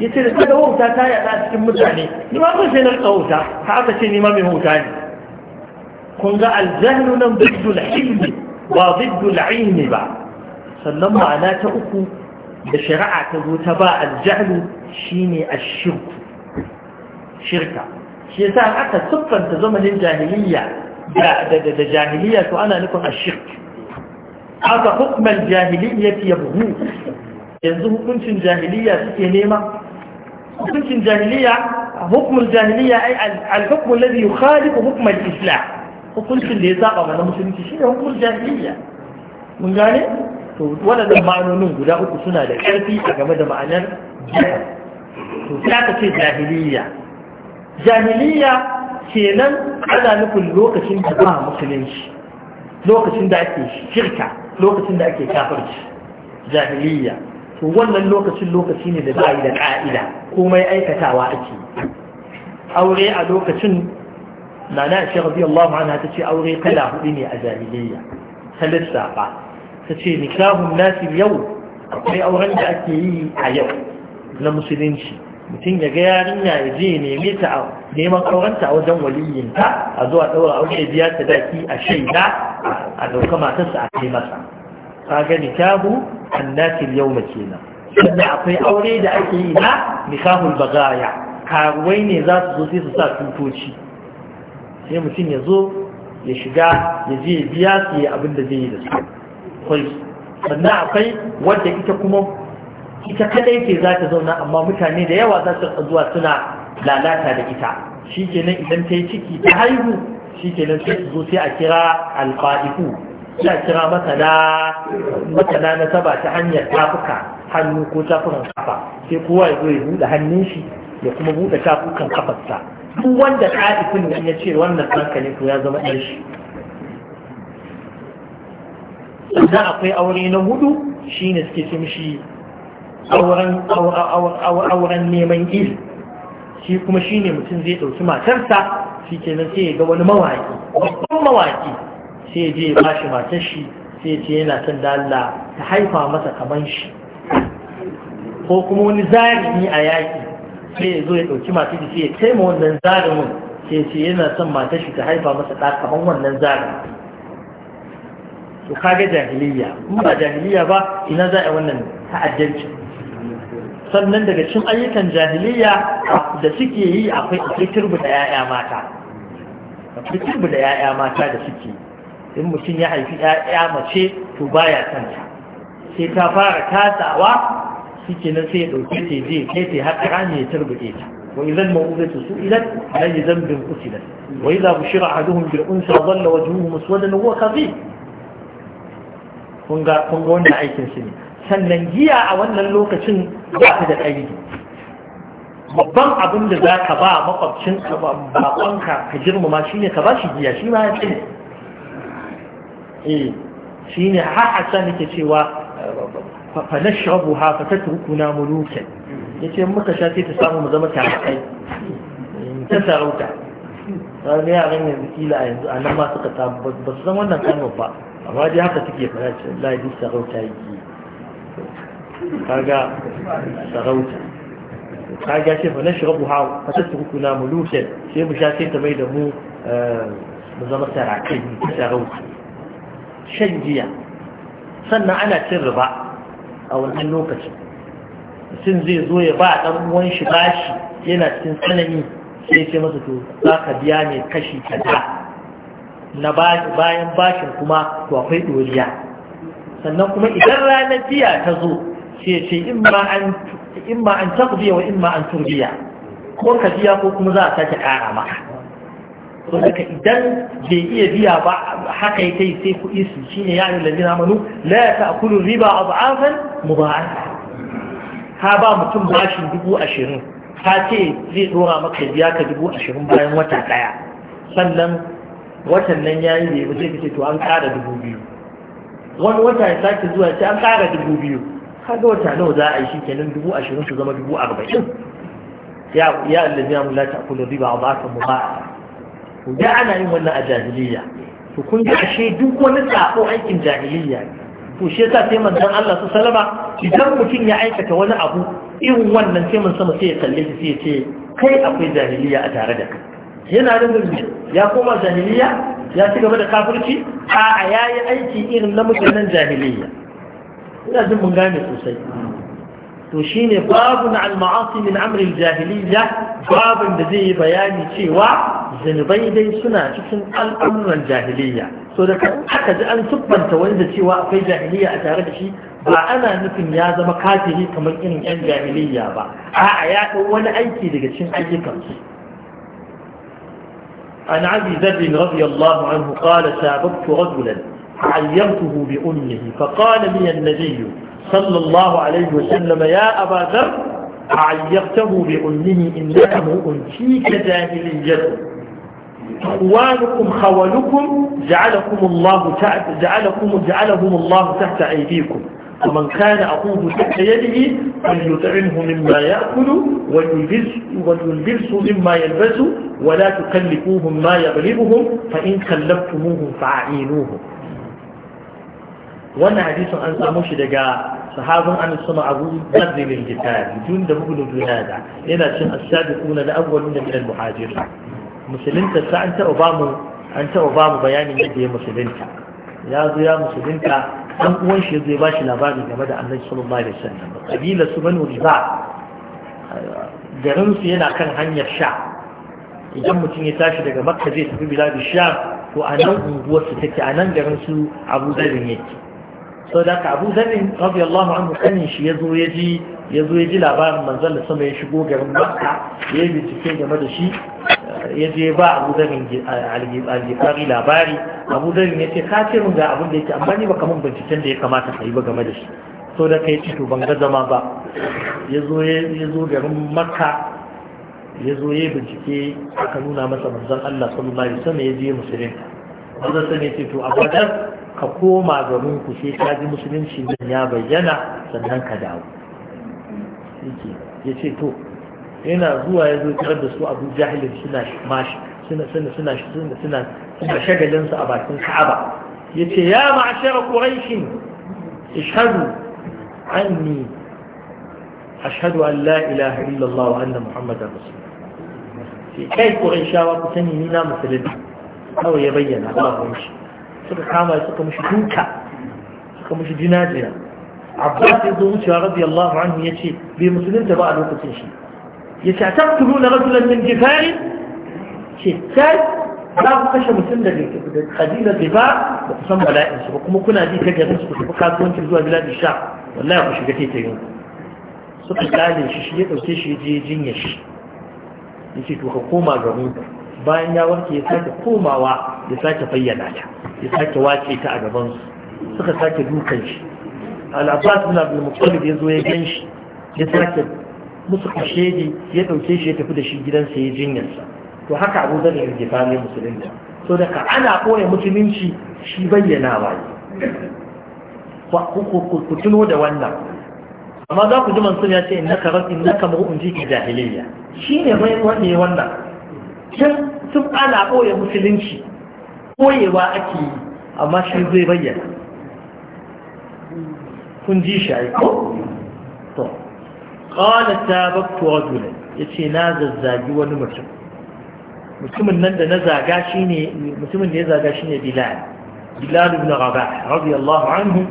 yace da kada wauta ta yada cikin mutane ni ma ban sai na rika wauta ka aka ce ni ma mai wauta ne kun ga aljahlu nan biddul ilmi ba biddul ilmi ba sannan ma'ana ta uku da shari'a ta zo ta ba aljahlu shine ashirku shirka shi yasa aka siffanta zamanin jahiliya da jahiliya to ana nufin ashirk aka hukumar jahiliya ya buhu. yanzu hukuncin jahiliya suke nema hukuncin jahiliya hukumar jahiliya ai al-hukmu alladhi khalifu hukumar al-islam hukuncin da ya saba na musulunci shi ne hukumar jahiliya mun gane to waɗannan ma'anonin guda uku suna da ƙarfi a game da ma'anar jihar to sai aka ce jahiliya jahiliya kenan ana nufin lokacin da ba musulunci lokacin da ake shirka lokacin da ake kafirci jahiliya to wannan lokacin lokaci ne da ba yi da ƙa'ida komai aikatawa ake aure a lokacin na na ce radiyallahu tace aure kala hudu ne a jahiliyya ta lissafa tace nikahun nasi yau akwai auren da ake yi a yau na musulunci mutum ya ga yarinya ya je neme ta neman aurenta a wajen waliyinta a zuwa ɗaura aure biya ta daki a shaida a ɗauka matarsa a kai masa ka ga nikahu annati ma kenan sannan akwai aure da ake yi na nikahul bagaya karuwai ne za su zo sai su sa tutoci sai mutum ya zo ya shiga ya je ya biya su yi abin da zai yi da su kwai sannan akwai wadda ita kuma ita kadai ce za ta zauna amma mutane da yawa za su zuwa suna lalata da ita shi kenan idan ta yi ciki ta haihu shi kenan sai su zo sai a kira alfa'iku sai a kira masana na saba ta hanyar tafuka hannu ko tafukan kafa sai kowa ya zo ya buɗe hannun shi ya kuma buɗe tafukan kafarsa duk wanda ɗa'ifin nan ya ce wannan ɗanka ne to ya zama ɗan shi sannan akwai aure na hudu shi suke cin shi auren neman il shi kuma shi ne mutum zai ɗauki matarsa shi ke nan sai ya ga wani mawaƙi babban mawaƙi sai je ya bashi matar shi sai ce yana son da Allah ta haifa masa kaman shi ko kuma wani zari a yaƙi sai ya zo ya ɗauki mata shi ya kai ma wannan zarumin, sai ce yana son mata shi ta haifa masa ɗa wannan zarumin. to kaga jahiliya in ba jahiliya ba ina za a wannan ta'addanci sannan daga cikin ayyukan jahiliya da suke yi akwai akwai da 'ya'ya mata akwai da 'ya'ya mata da suke yi in mutum ya haifi yaya mace to baya kanta sai ta fara tasawa shi nan sai ya ɗauke ta je kai ta har ƙarami ya turbuɗe ta wa idan ma'udatu su'ilat la yazambin usilat wa idza bushira ahaduhum bil unsa dhalla wajhuhu muswaddan huwa kadhib kun ga kun ga wannan aikin su ne sannan giya a wannan lokacin ba ta da ƙaidi babban abin da za ka ba makwabcin bakonka ka girmama shi ne ka ba shi giya shi ma ya ce eh shi ne har a sa nake cewa fa nashrabuha fa tatrukuna mulukan yace muka sha sai ta samu mu zama tarakai ta sarauta sai yaran yanzu kila a yanzu a nan ma suka samu ba su san wannan kalmar ba amma dai haka suke fara ce Allah ya sarauta yake kaga sarauta kaga ce fa nashrabuha fa tatrukuna mulukan sai mu sha sai ta mai da mu eh, mu zama sarakai ta sarauta shan giya sannan ana cin riba a wannan lokaci mutum zai zo ya ba ɗan uwan shi bashi yana cikin tsanani sai ce masa to za ka biya mai kashi kaza na bayan bashin kuma to akwai ɗoriya sannan kuma idan ranar biya ta zo sai ce in ma an biya wa in ma an turbiya ko ka biya ko kuma za a sake ƙara maka to daga idan bai iya biya ba haka ya yake sai kuɗi su shi ne shine ya ayyuhal ladina amanu la ta'kulu riba ad'afan mudha'afa ka ba mutum bashin dubu ashirin ka ce zai dora maka biya ka dubu ashirin bayan wata ɗaya sannan watan nan ya yi zai zai ce to an ƙara dubu biyu wani wata ya sake zuwa ce an ƙara dubu biyu kaga wata nawa za a yi shi kenan dubu ashirin su zama dubu arba'in ya ya allazi ya mulata akulu riba a ba mu ba to da ana yin wannan a jahiliya to kun ga ashe duk wani sako aikin jahiliya to shi yasa sai manzon Allah su salama idan mutum ya aikata wani abu irin wannan sai mun sama sai ya kalle shi sai ya ce kai akwai jahiliya a tare da kai yana da gurbi ya koma jahiliya ya ci gaba da kafirci a yayi aiki irin na mutanen jahiliya ina jin mun gane sosai to shine babu na al-ma'asi min amri al-jahiliya babun da zai yi bayani cewa zunubai dai suna cikin al'amuran jahiliya so da kan aka ji an tubbanta wani da cewa akwai jahiliya a tare da shi ba ana nufin ya zama kafiri kamar irin yan jahiliya ba a'a ya ɗau wani aiki daga cikin ayyukansu عن أبي ذر رضي الله عنه قال سابقت رجلا عيرته بأمه فقال لي النبي صلى الله عليه وسلم يا أبا ذر عيرته بأمه إنها أنتيك جاهليته إخوانكم خولكم جعلكم الله جعلكم جعلهم الله تحت أيديكم ومن كان أخوه تحت يده فليطعمه مما يأكل وليلبسه مما يلبس ولا تكلفوهم ما يغلبهم فإن كلفتموهم فأعينوهم wannan hadisin an samu shi daga sahabin an sama abu mazilin gitari jun da mugudu dunada yana cin asabi kuna da abubuwan da minal muhajirin musulunta ta an taɓa ba mu an taɓa ba mu bayanin yadda ya musulunta ya zo ya musulunta dan uwan shi zai ba shi labari game da annabi sallallahu alaihi wasallam kabila su banu riba garin su yana kan hanyar sha idan mutum ya tashi daga makka zai tafi biladu sha ko a nan unguwar su take a nan garin su abu zarin yake sau da ka abu zarin radiyallahu anhu kanin shi ya zo ya ji ya zo ya ji labarin manzon da sama ya shigo garin makka ya yi bincike game da shi Yaje je ba abu zarin algifari labari abu zarin ya ce ka ce mun ga abin da yake amma ni baka mun binciken da ya kamata ka yi ba game da shi so da kai cito ban ga zama ba ya zo garin makka ya zo ya bincike aka nuna masa manzon Allah sallallahu alaihi wasallam ya je musulunta manzon sai ce to a ka koma garin ku sai ka ji musulunci ya bayyana sannan ka dawo ya ce to yana zuwa ya zo tarar da su abu jahilin suna mashi suna suna suna suna suna shagalin su a bakin ka'aba Ya ce ya ma'ashara quraish ishhadu anni ashhadu an la ilaha illa allah wa anna muhammadar rasul kai quraishawa ku sani ni na musulmi kawai ya bayyana ba ku mushi. suka kama suka mushi duka suka mushi dinajira abbas ya zo wucewa radiyallahu anhu yace bai musulunta ba a lokacin shi yace taqtuluna rajulan min jifarin shittai za ku kashe mutum da kabilar da ba ku san bala'in ba kuma kuna ji ta garin su ku tafi kasuwancin zuwa da sha wallahi ku shiga tetayin suka kare shi shi ya ɗauke shi je jinya shi yace to ka koma garin bayan ya warke ya sake komawa ya sake fayyana ta ya sake wace ta a gaban su suka sake dukan shi al-abbas ibn abdul muttalib ya zo ya gan shi ya sake musu kashedi ya dauke shi ya tafi da shi gidansa ya jinyarsa to haka abu zan yi da ne da so daga ana koya musulunci shi bayyana ba ku tuno da wannan amma za ku ji mansur ya ce innaka rabbi innaka in ji ki jahiliya Shi bai wanda wannan kin tun ana koya musulunci koyewa ake yi amma shi zai bayyana kun ji shi ai ko قال سابقت رجلا يتي نازل زاجي ونمرت مسلم النند نزاقا شيني مسلم النند نزاقا شيني بلال بلال بن رباح رضي الله عنه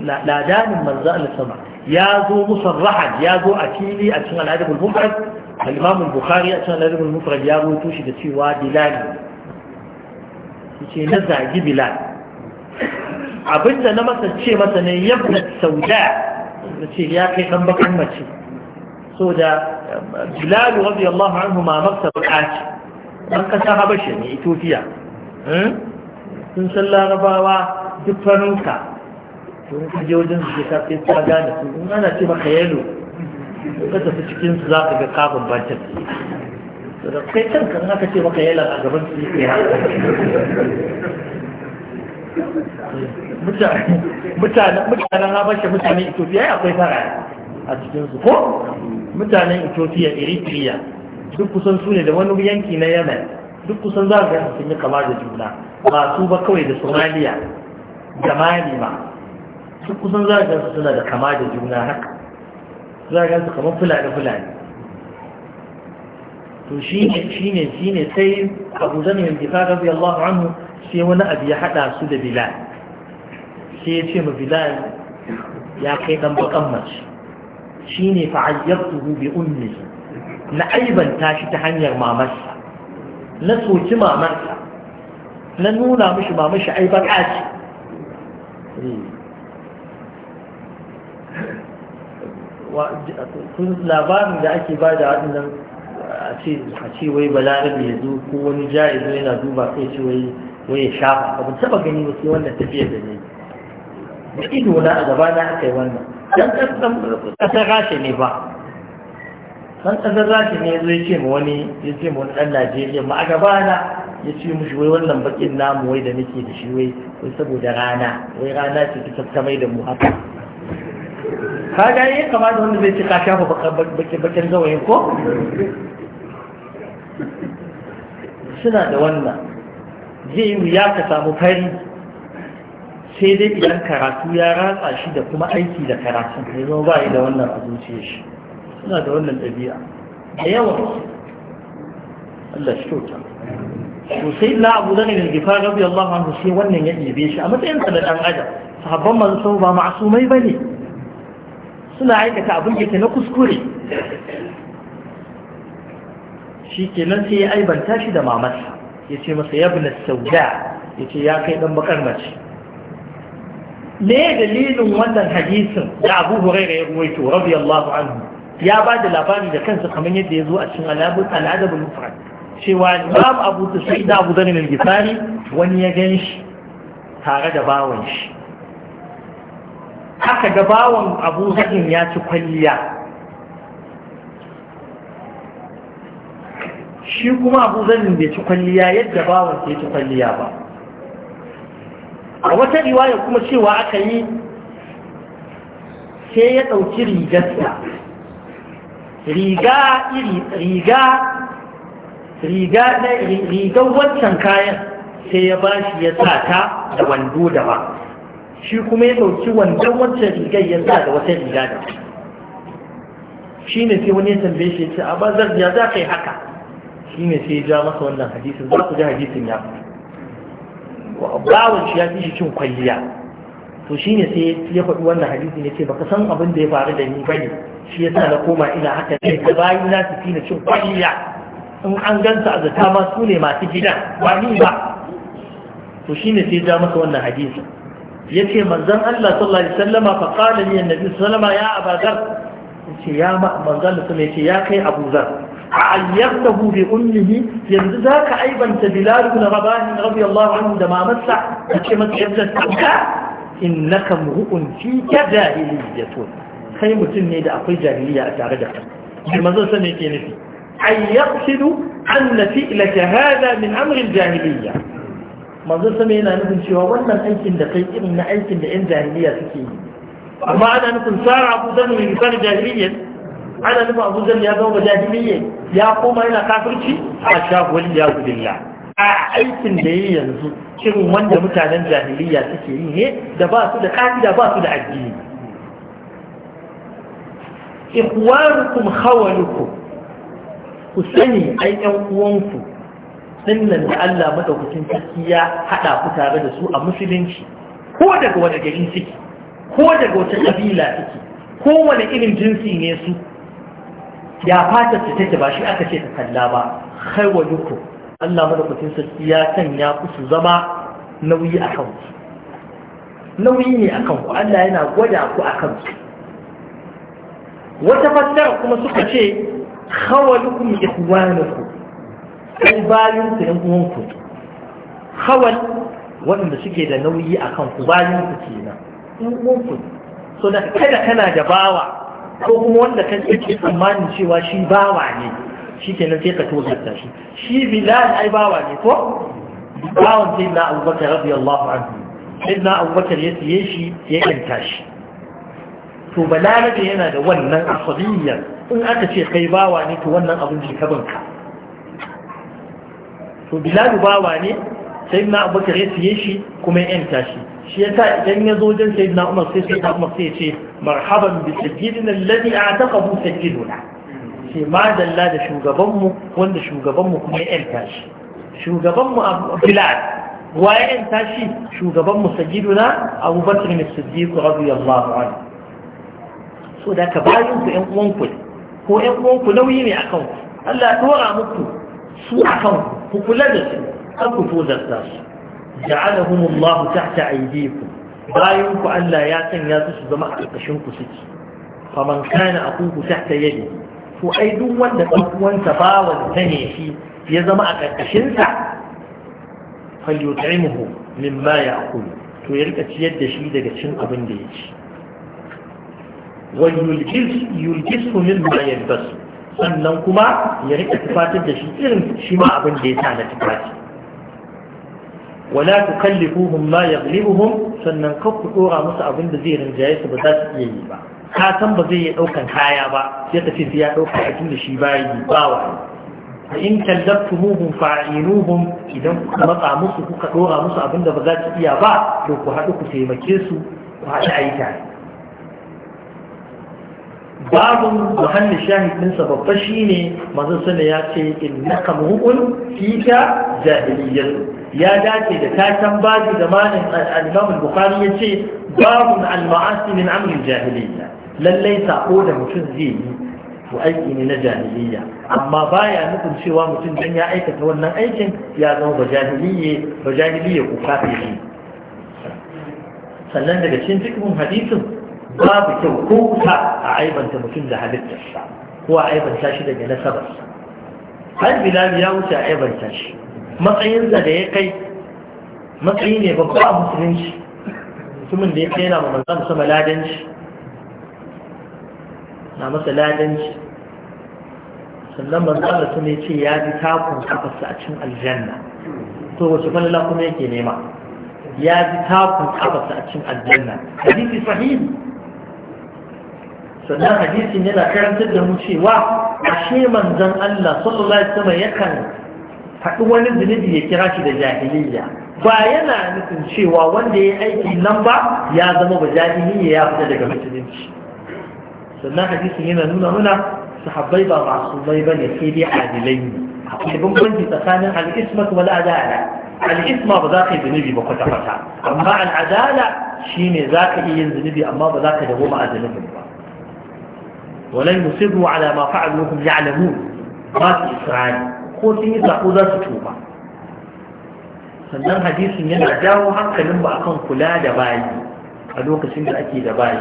لا دان من زال السمع يا ذو مصرحا يا ذو أكيلي أتنى العدب المفرد الإمام البخاري أتنى العدب المفرد يا ذو توشي تسيوا بلال يتي نزاقي بلال أبدا نمسا تشي مثلا يبنى السوداء da ce ya kai ɗan bakan mace so da eh, bilal radiyallahu anhu ma makta bukaci ɗan ƙasa habasha ne Itofiya, eh? sun san larabawa duk farinka sun kaje wajen su ka sai ta gane su in ana ce maka yalo ka tafi cikin su za ka ga kafin da kai kanka in aka ce maka yalo a gaban su yi kai mutanen habasha mutanen ethiopia ya akwai fara a cikin su ko mutanen ethiopia eritrea duk kusan su ne da wani yanki na yemen duk kusan za ga sun yi kama da juna ba su ba kawai da somaliya da mali ba duk kusan za ga suna da kama da juna haka za ga su kamar fulani fulani to shi ne shi ne shi ne sai abu zanin yanzu ka rabi Allahu anhu sai wani abu ya haɗa su da bilal sai ya ce ma bilal ya kai dan bakan mace shine fa ayyabtuhu bi ummihi na aibanta shi ta hanyar mamarsa na soki mamarsa na nuna mishi mamashi ai baka ce labarin da ake ba da waɗannan a ce wai balarabe ya zo ko wani ja'izo yana duba sai ce wai ya shafa abin taba gani wasu wannan tafiyar da ne da ido na a gaba na aka yi wannan dan kasar rasha ne ba dan kasar rasha ne zai ce ma wani ya ce ma wani dan najeriya ma a gaba na ya ce mushi wai wannan bakin namu wai da nake da shi wai wai saboda rana wai rana ce ta mai da mu haka ka ga kama da wanda zai ce ka shafa bakin gawayin ko suna da wannan zai yi ya ka samu fari sai dai idan karatu ya ratsa shi da kuma aiki da karatun ya zama ba da wannan a zuciya shi suna da wannan ɗabi'a da yawa Allah shi kyauta to sai na abu zan da gifa rabbi Allah anhu sai wannan ya ɗebe shi a matsayin sa da ɗan adam sahabban manzo sau ba ma'asumai bane suna aikata abin da na kuskure shi kenan sai ya aibanta shi da mamarsa ya ce masa ya bi na sauda ya ce ya kai ɗan bakar mace Ne dalilin wannan hadisin da abu huraira ya ruwaito radiyallahu anhu ya ba da labari da kansa kamar yadda ya zo a cikin al'adabul mufrad cewa imam abu tusaid abu zanin al-gisari wani ya gan shi tare da bawan shi haka ga bawan abu zanin ya ci kwalliya shi kuma abu zanin bai ci kwalliya yadda bawan ya ci kwalliya ba a wata riwaya kuma cewa aka yi sai ya ɗauki rigarsa riga iri riga riga na rigar wancan kayan sai ya bashi ya sa ta da wando da ba shi kuma ya ɗauki wandon wancan rigar ya sa da wata riga da shi ne sai wani ya tambaye shi ya ce a bazar ya za ka yi haka shi ne sai ya ja masa wannan hadisin za ku ji hadisin ya bawan shi ya fi shi cin kwalliya to shine sai ya faɗi wannan hadisi ne ce baka san abin da ya faru da ni ba ne. shi yasa na koma ina haka ne da bayi na su fi cin kwalliya in an ganta a zata ma su ne masu gidan ba ni ba to shine sai ya ja masa wannan hadisi ya ce manzan Allah sallallahu Alaihi wasallama fa ƙada ni annabi sallama ya abazar ya ce ya manzan da ya ce ya kai abuzar عيرته بأمه ينزاك أيضا بلال بن رباه رضي الله عنه دما مسع كما تحدث إنك امرؤ فيك جاهلية kai mutum ne da akwai jahiliya a tare da kai manzon sa ne ke nufi ay yaqsidu anna fi'laka hada min amr jahiliya mazan sa yana nufin cewa wannan aikin da kai irin na aikin da yan jahiliya suke yi amma ana nufin sara abu da min kan jahiliya ana nufin abu zan ya zama jahiliye ya koma yana kafirci a wani ya gudilla. a aikin da ya yanzu irin wanda mutanen jahiliya suke yi ne da ba su da ka'ida ba su da addini ikwanukum hawalukum ku sani ai yan uwanku dinnan da Allah madaukakin sarki ya hada ku tare da su a musulunci ko daga wani gari suke ko daga wata kabila suke ko wani irin jinsi ne su ya fata su take ba shi aka ce ta kalla ba khaiwa yuku Allah madaukakin sarki ya sanya ku su zama nauyi a kan ku nauyi ne a kan ku Allah yana gwada ku a kan ku wata fassara kuma suka ce khawalukum ikhwanukum kai bayan ku ɗan uwanku khawal waɗanda suke da nauyi a kan ku bayan ku kenan ɗan uwanku so da kada kana da bawa ko kuma wanda kan ke tsammanin cewa shi bawa ne shi kenan sai ka tozarta shi shi bilal ai bawa ne ko bawan sai na abubakar Allahu anhu sai na abubakar ya siye shi ya yanta shi to balarabe yana da wannan asabiyyar in aka ce kai bawa ne to wannan abin jikabinka to bilal bawa ne sayyidina abubakar ya siye shi kuma ya yanta shi shi sa idan ya zo wajen sayyidina umar sai sayyidina umar sai ya ce marhaban bi sayyidina alladhi a'taqahu sayyiduna ce ma dalla da shugabanmu wanda shugabanmu kuma ya yanta shi shugabanmu bilal wa ya yanta shi shugabanmu sayyiduna abubakar ne siddiq radiyallahu anhu so da ka bayan ku ƴan uwanku ko ƴan uwanku nauyi ne akan ku Allah ya dora muku su akan ku ku kula da su ku tozarta su ja'alahumullahu tahta aydikum bayan ku Allah ya sanya su su zama a ƙarƙashin ku suke faman kana akuku tahta yadi Ko ai duk wanda ɗan uwansa bawan ta shi ya zama a ƙarƙashin sa falyut'imuhu mimma ya'kul to ya rika ciyar da shi daga cin abin da ya ci ويلجسه مما يلبسه sannan kuma ya rika tufatar da shi irin shi ma abin da ya sa na tufafi wala tukallifuhum ma yaghlibuhum sannan kar ku dora musu abin da zai rinjaye su ba za su iya yi ba ka san ba zai yi daukan kaya ba sai ka ce ya dauka a da shi bayi ba wa fa in kallaftumuhum fa'inuhum idan ku matsa musu kuka dora musu abin da ba za su iya ba to ku haɗu ku taimake su ku haɗu a babun muhallin shahid ɗinsa babba shine mazan sana ya ce innaka mu'un fita jahiliyyatu ya dace da taken baji da malin al-imam al-bukhari yace babun al-ma'asi min amri jahiliyya lallai sako da mutum zai yi to aiki ne na jahiliyya amma baya nufin cewa mutum dan ya aikata wannan aikin ya zama ba jahiliyye ba jahiliyye ko kafiri sannan daga cikin cikin hadisin babu kyau ko kusa a aibanta mutum da halittarsa ko a aibanta shi daga nasabarsa har bilal ya wuce a aibanta shi matsayinsa da ya kai matsayi ne ba a musulunci mutumin da ya kai yana manzan sama ladanci na masa ladanci sannan manzan da sun ce ya ji takun kafarsa a cin aljanna to wace falala kuma yake nema ya ji takun kafarsa a cin aljanna hadisi sahihi sannan hadisi yana karantar da mu cewa ashe manzan Allah sallallahu alaihi wasallam yakan faɗi wani zunubi ya kira shi da jahiliya ba yana nufin cewa wanda ya aiki nan ba ya zama ba jahiliya ya fita daga musulunci sannan hadisin yana nuna muna sahabbai ba masumai ba ne sai dai adilai ne akwai bambanci tsakanin al'isma kuma da al'adala al'isma ba za ka yi zunubi ba kwata kwata amma al'adala ne za ka iya yin zunubi amma ba za ka dawo ma a zunubin ba ولن يصروا على ما فعلوهم يعلمون ما في إسرائيل ko sun yi zaɓo za su tuba sannan hadisin yana jawo hankalin ba akan kula da bayi a lokacin da ake da bayi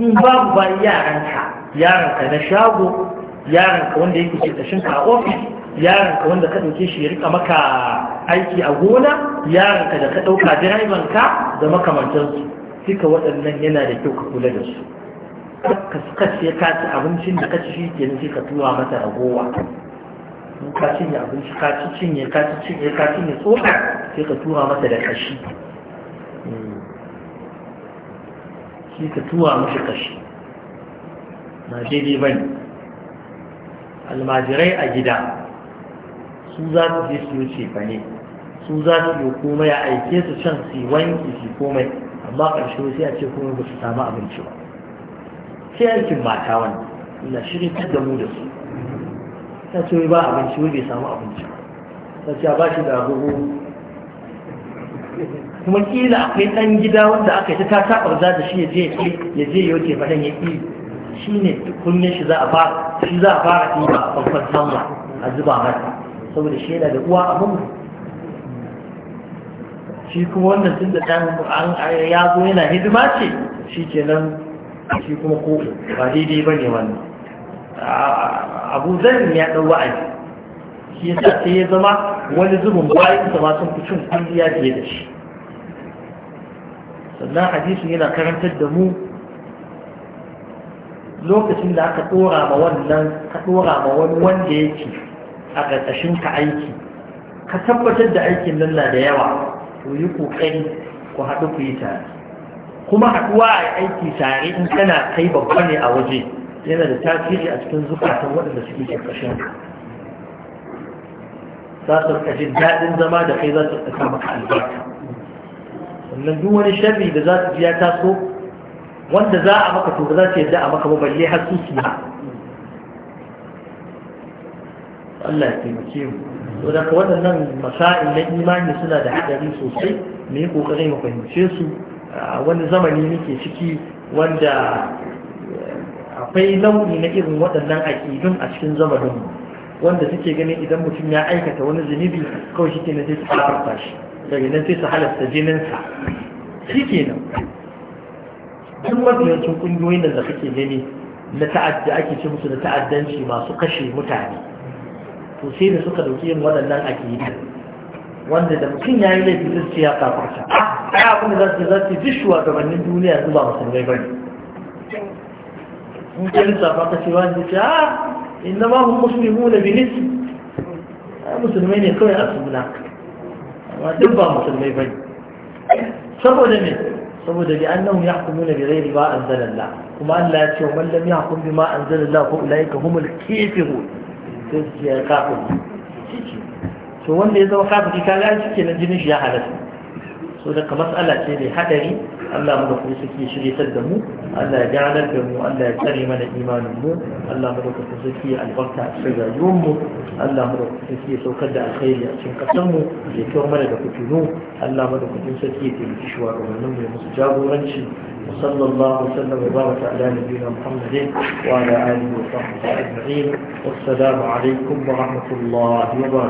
in babu bayi yaranka yaranka na shago yaranka wanda yake ke ka a ofis yaranka wanda ka ɗauke shi ya rika maka aiki a gona yaranka da ka ɗauka direbanka da makamantansu duka waɗannan yana da kyau ka kula da su ka suka ka ci abincin da ka ci shi ke sai ka masa mata ragowa in ka cinye abinci ka ci cinye ka ci cinye ka cinye tsoka sai ka tura masa da kashi hmm. sai ka tura masa kashi na daidai ba ne almajirai a gida su za su je su yi ne? su za su yi komai a aike su can su yi wanki su komai amma ƙarshe sai a ce komai ba su samu abinci ba sai aikin mata wani ina shirin da mu da su ta ce ba abinci wai bai samu abinci ta ce ba shi da agogo kuma kila akwai ɗan gida wanda aka yi ta taɓar za da shi ya je ya je ya wuce faɗin ya ƙi shi ne kunnen shi za a fara shi za a fara ba a farkon sallah a zuba mata saboda shi yana da uwa a mamu shi kuma wannan tun da ɗan ya zo yana hidima ce shi kenan shi kuma ko ba daidai ba ne wannan abu zan ya ɗau wa'azi shi ya sa sai ya zama wani zubin bayan sa ma sun kucin cin fiye da shi sannan hadisi yana karantar da mu lokacin da aka ɗora ma wannan ka ɗora ma wani wanda yake a ƙarƙashin ka aiki ka tabbatar da aikin nan na da yawa to yi ƙoƙari ku haɗu ku yi tare kuma haɗuwa a aiki tare in kana kai babba ne a waje yana da tasiri a cikin zukatan waɗanda suke ƙarƙashin za su rika jin daɗin zama da kai za su rika maka albarka sannan duk wani sharri da za su ji ya taso wanda za a maka to ba za su yadda a maka ba har su su Allah ya taimake mu to daga waɗannan masa'in na imani suna da haɗari sosai mu yi ƙoƙarin mu fahimce su a wani zamani muke ciki wanda akwai launi na irin waɗannan aƙidun a cikin zamanin wanda suke ganin idan mutum ya aikata wani zunubi kawai shi kenan sai su halarta shi daga nan sai su halarta jininsa shi kenan duk mabiyancin ƙungiyoyin da kake gani na ta'adda ake ce musu da ta'addanci masu kashe mutane to sai da suka dauki yin waɗannan aƙidu wanda da mutum ya yi laifin sai ya kafarta a ah, abin da za su yi za su yi duk shugabannin duniya yanzu ba musulmai ba in ka lissafa ka ce wani ce a ah, inna ma hun musulmi na bilis ah, musulmai ne kawai a suna amma ah, duk ba musulmai ba saboda me saboda bi annahum yahkumuna bi ghairi ma anzalallah kuma Allah ya ce wa man lam yahkum bima anzalallah fa ulaika humul kafirun sai ya kafir shi to wanda ya zama kafiri kaga kenan jinin shi ya halatta so daga matsala ce mai hadari Allah mu da kuma suke ta da mu Allah ya ganar da mu Allah ya tsare mana imanin mu Allah mu da kuma suke albarka a cikin rayuwar mu Allah mu da kuma suke saukar da alkhairi a cikin kasar mu ya kawo mana da kutunu Allah mu da kuma suke taimaki shugabannin mu ya musu jagoranci وصلى الله وسلم وبارك على نبينا محمد وعلى اله وصحبه اجمعين والسلام عليكم ورحمه الله وبركاته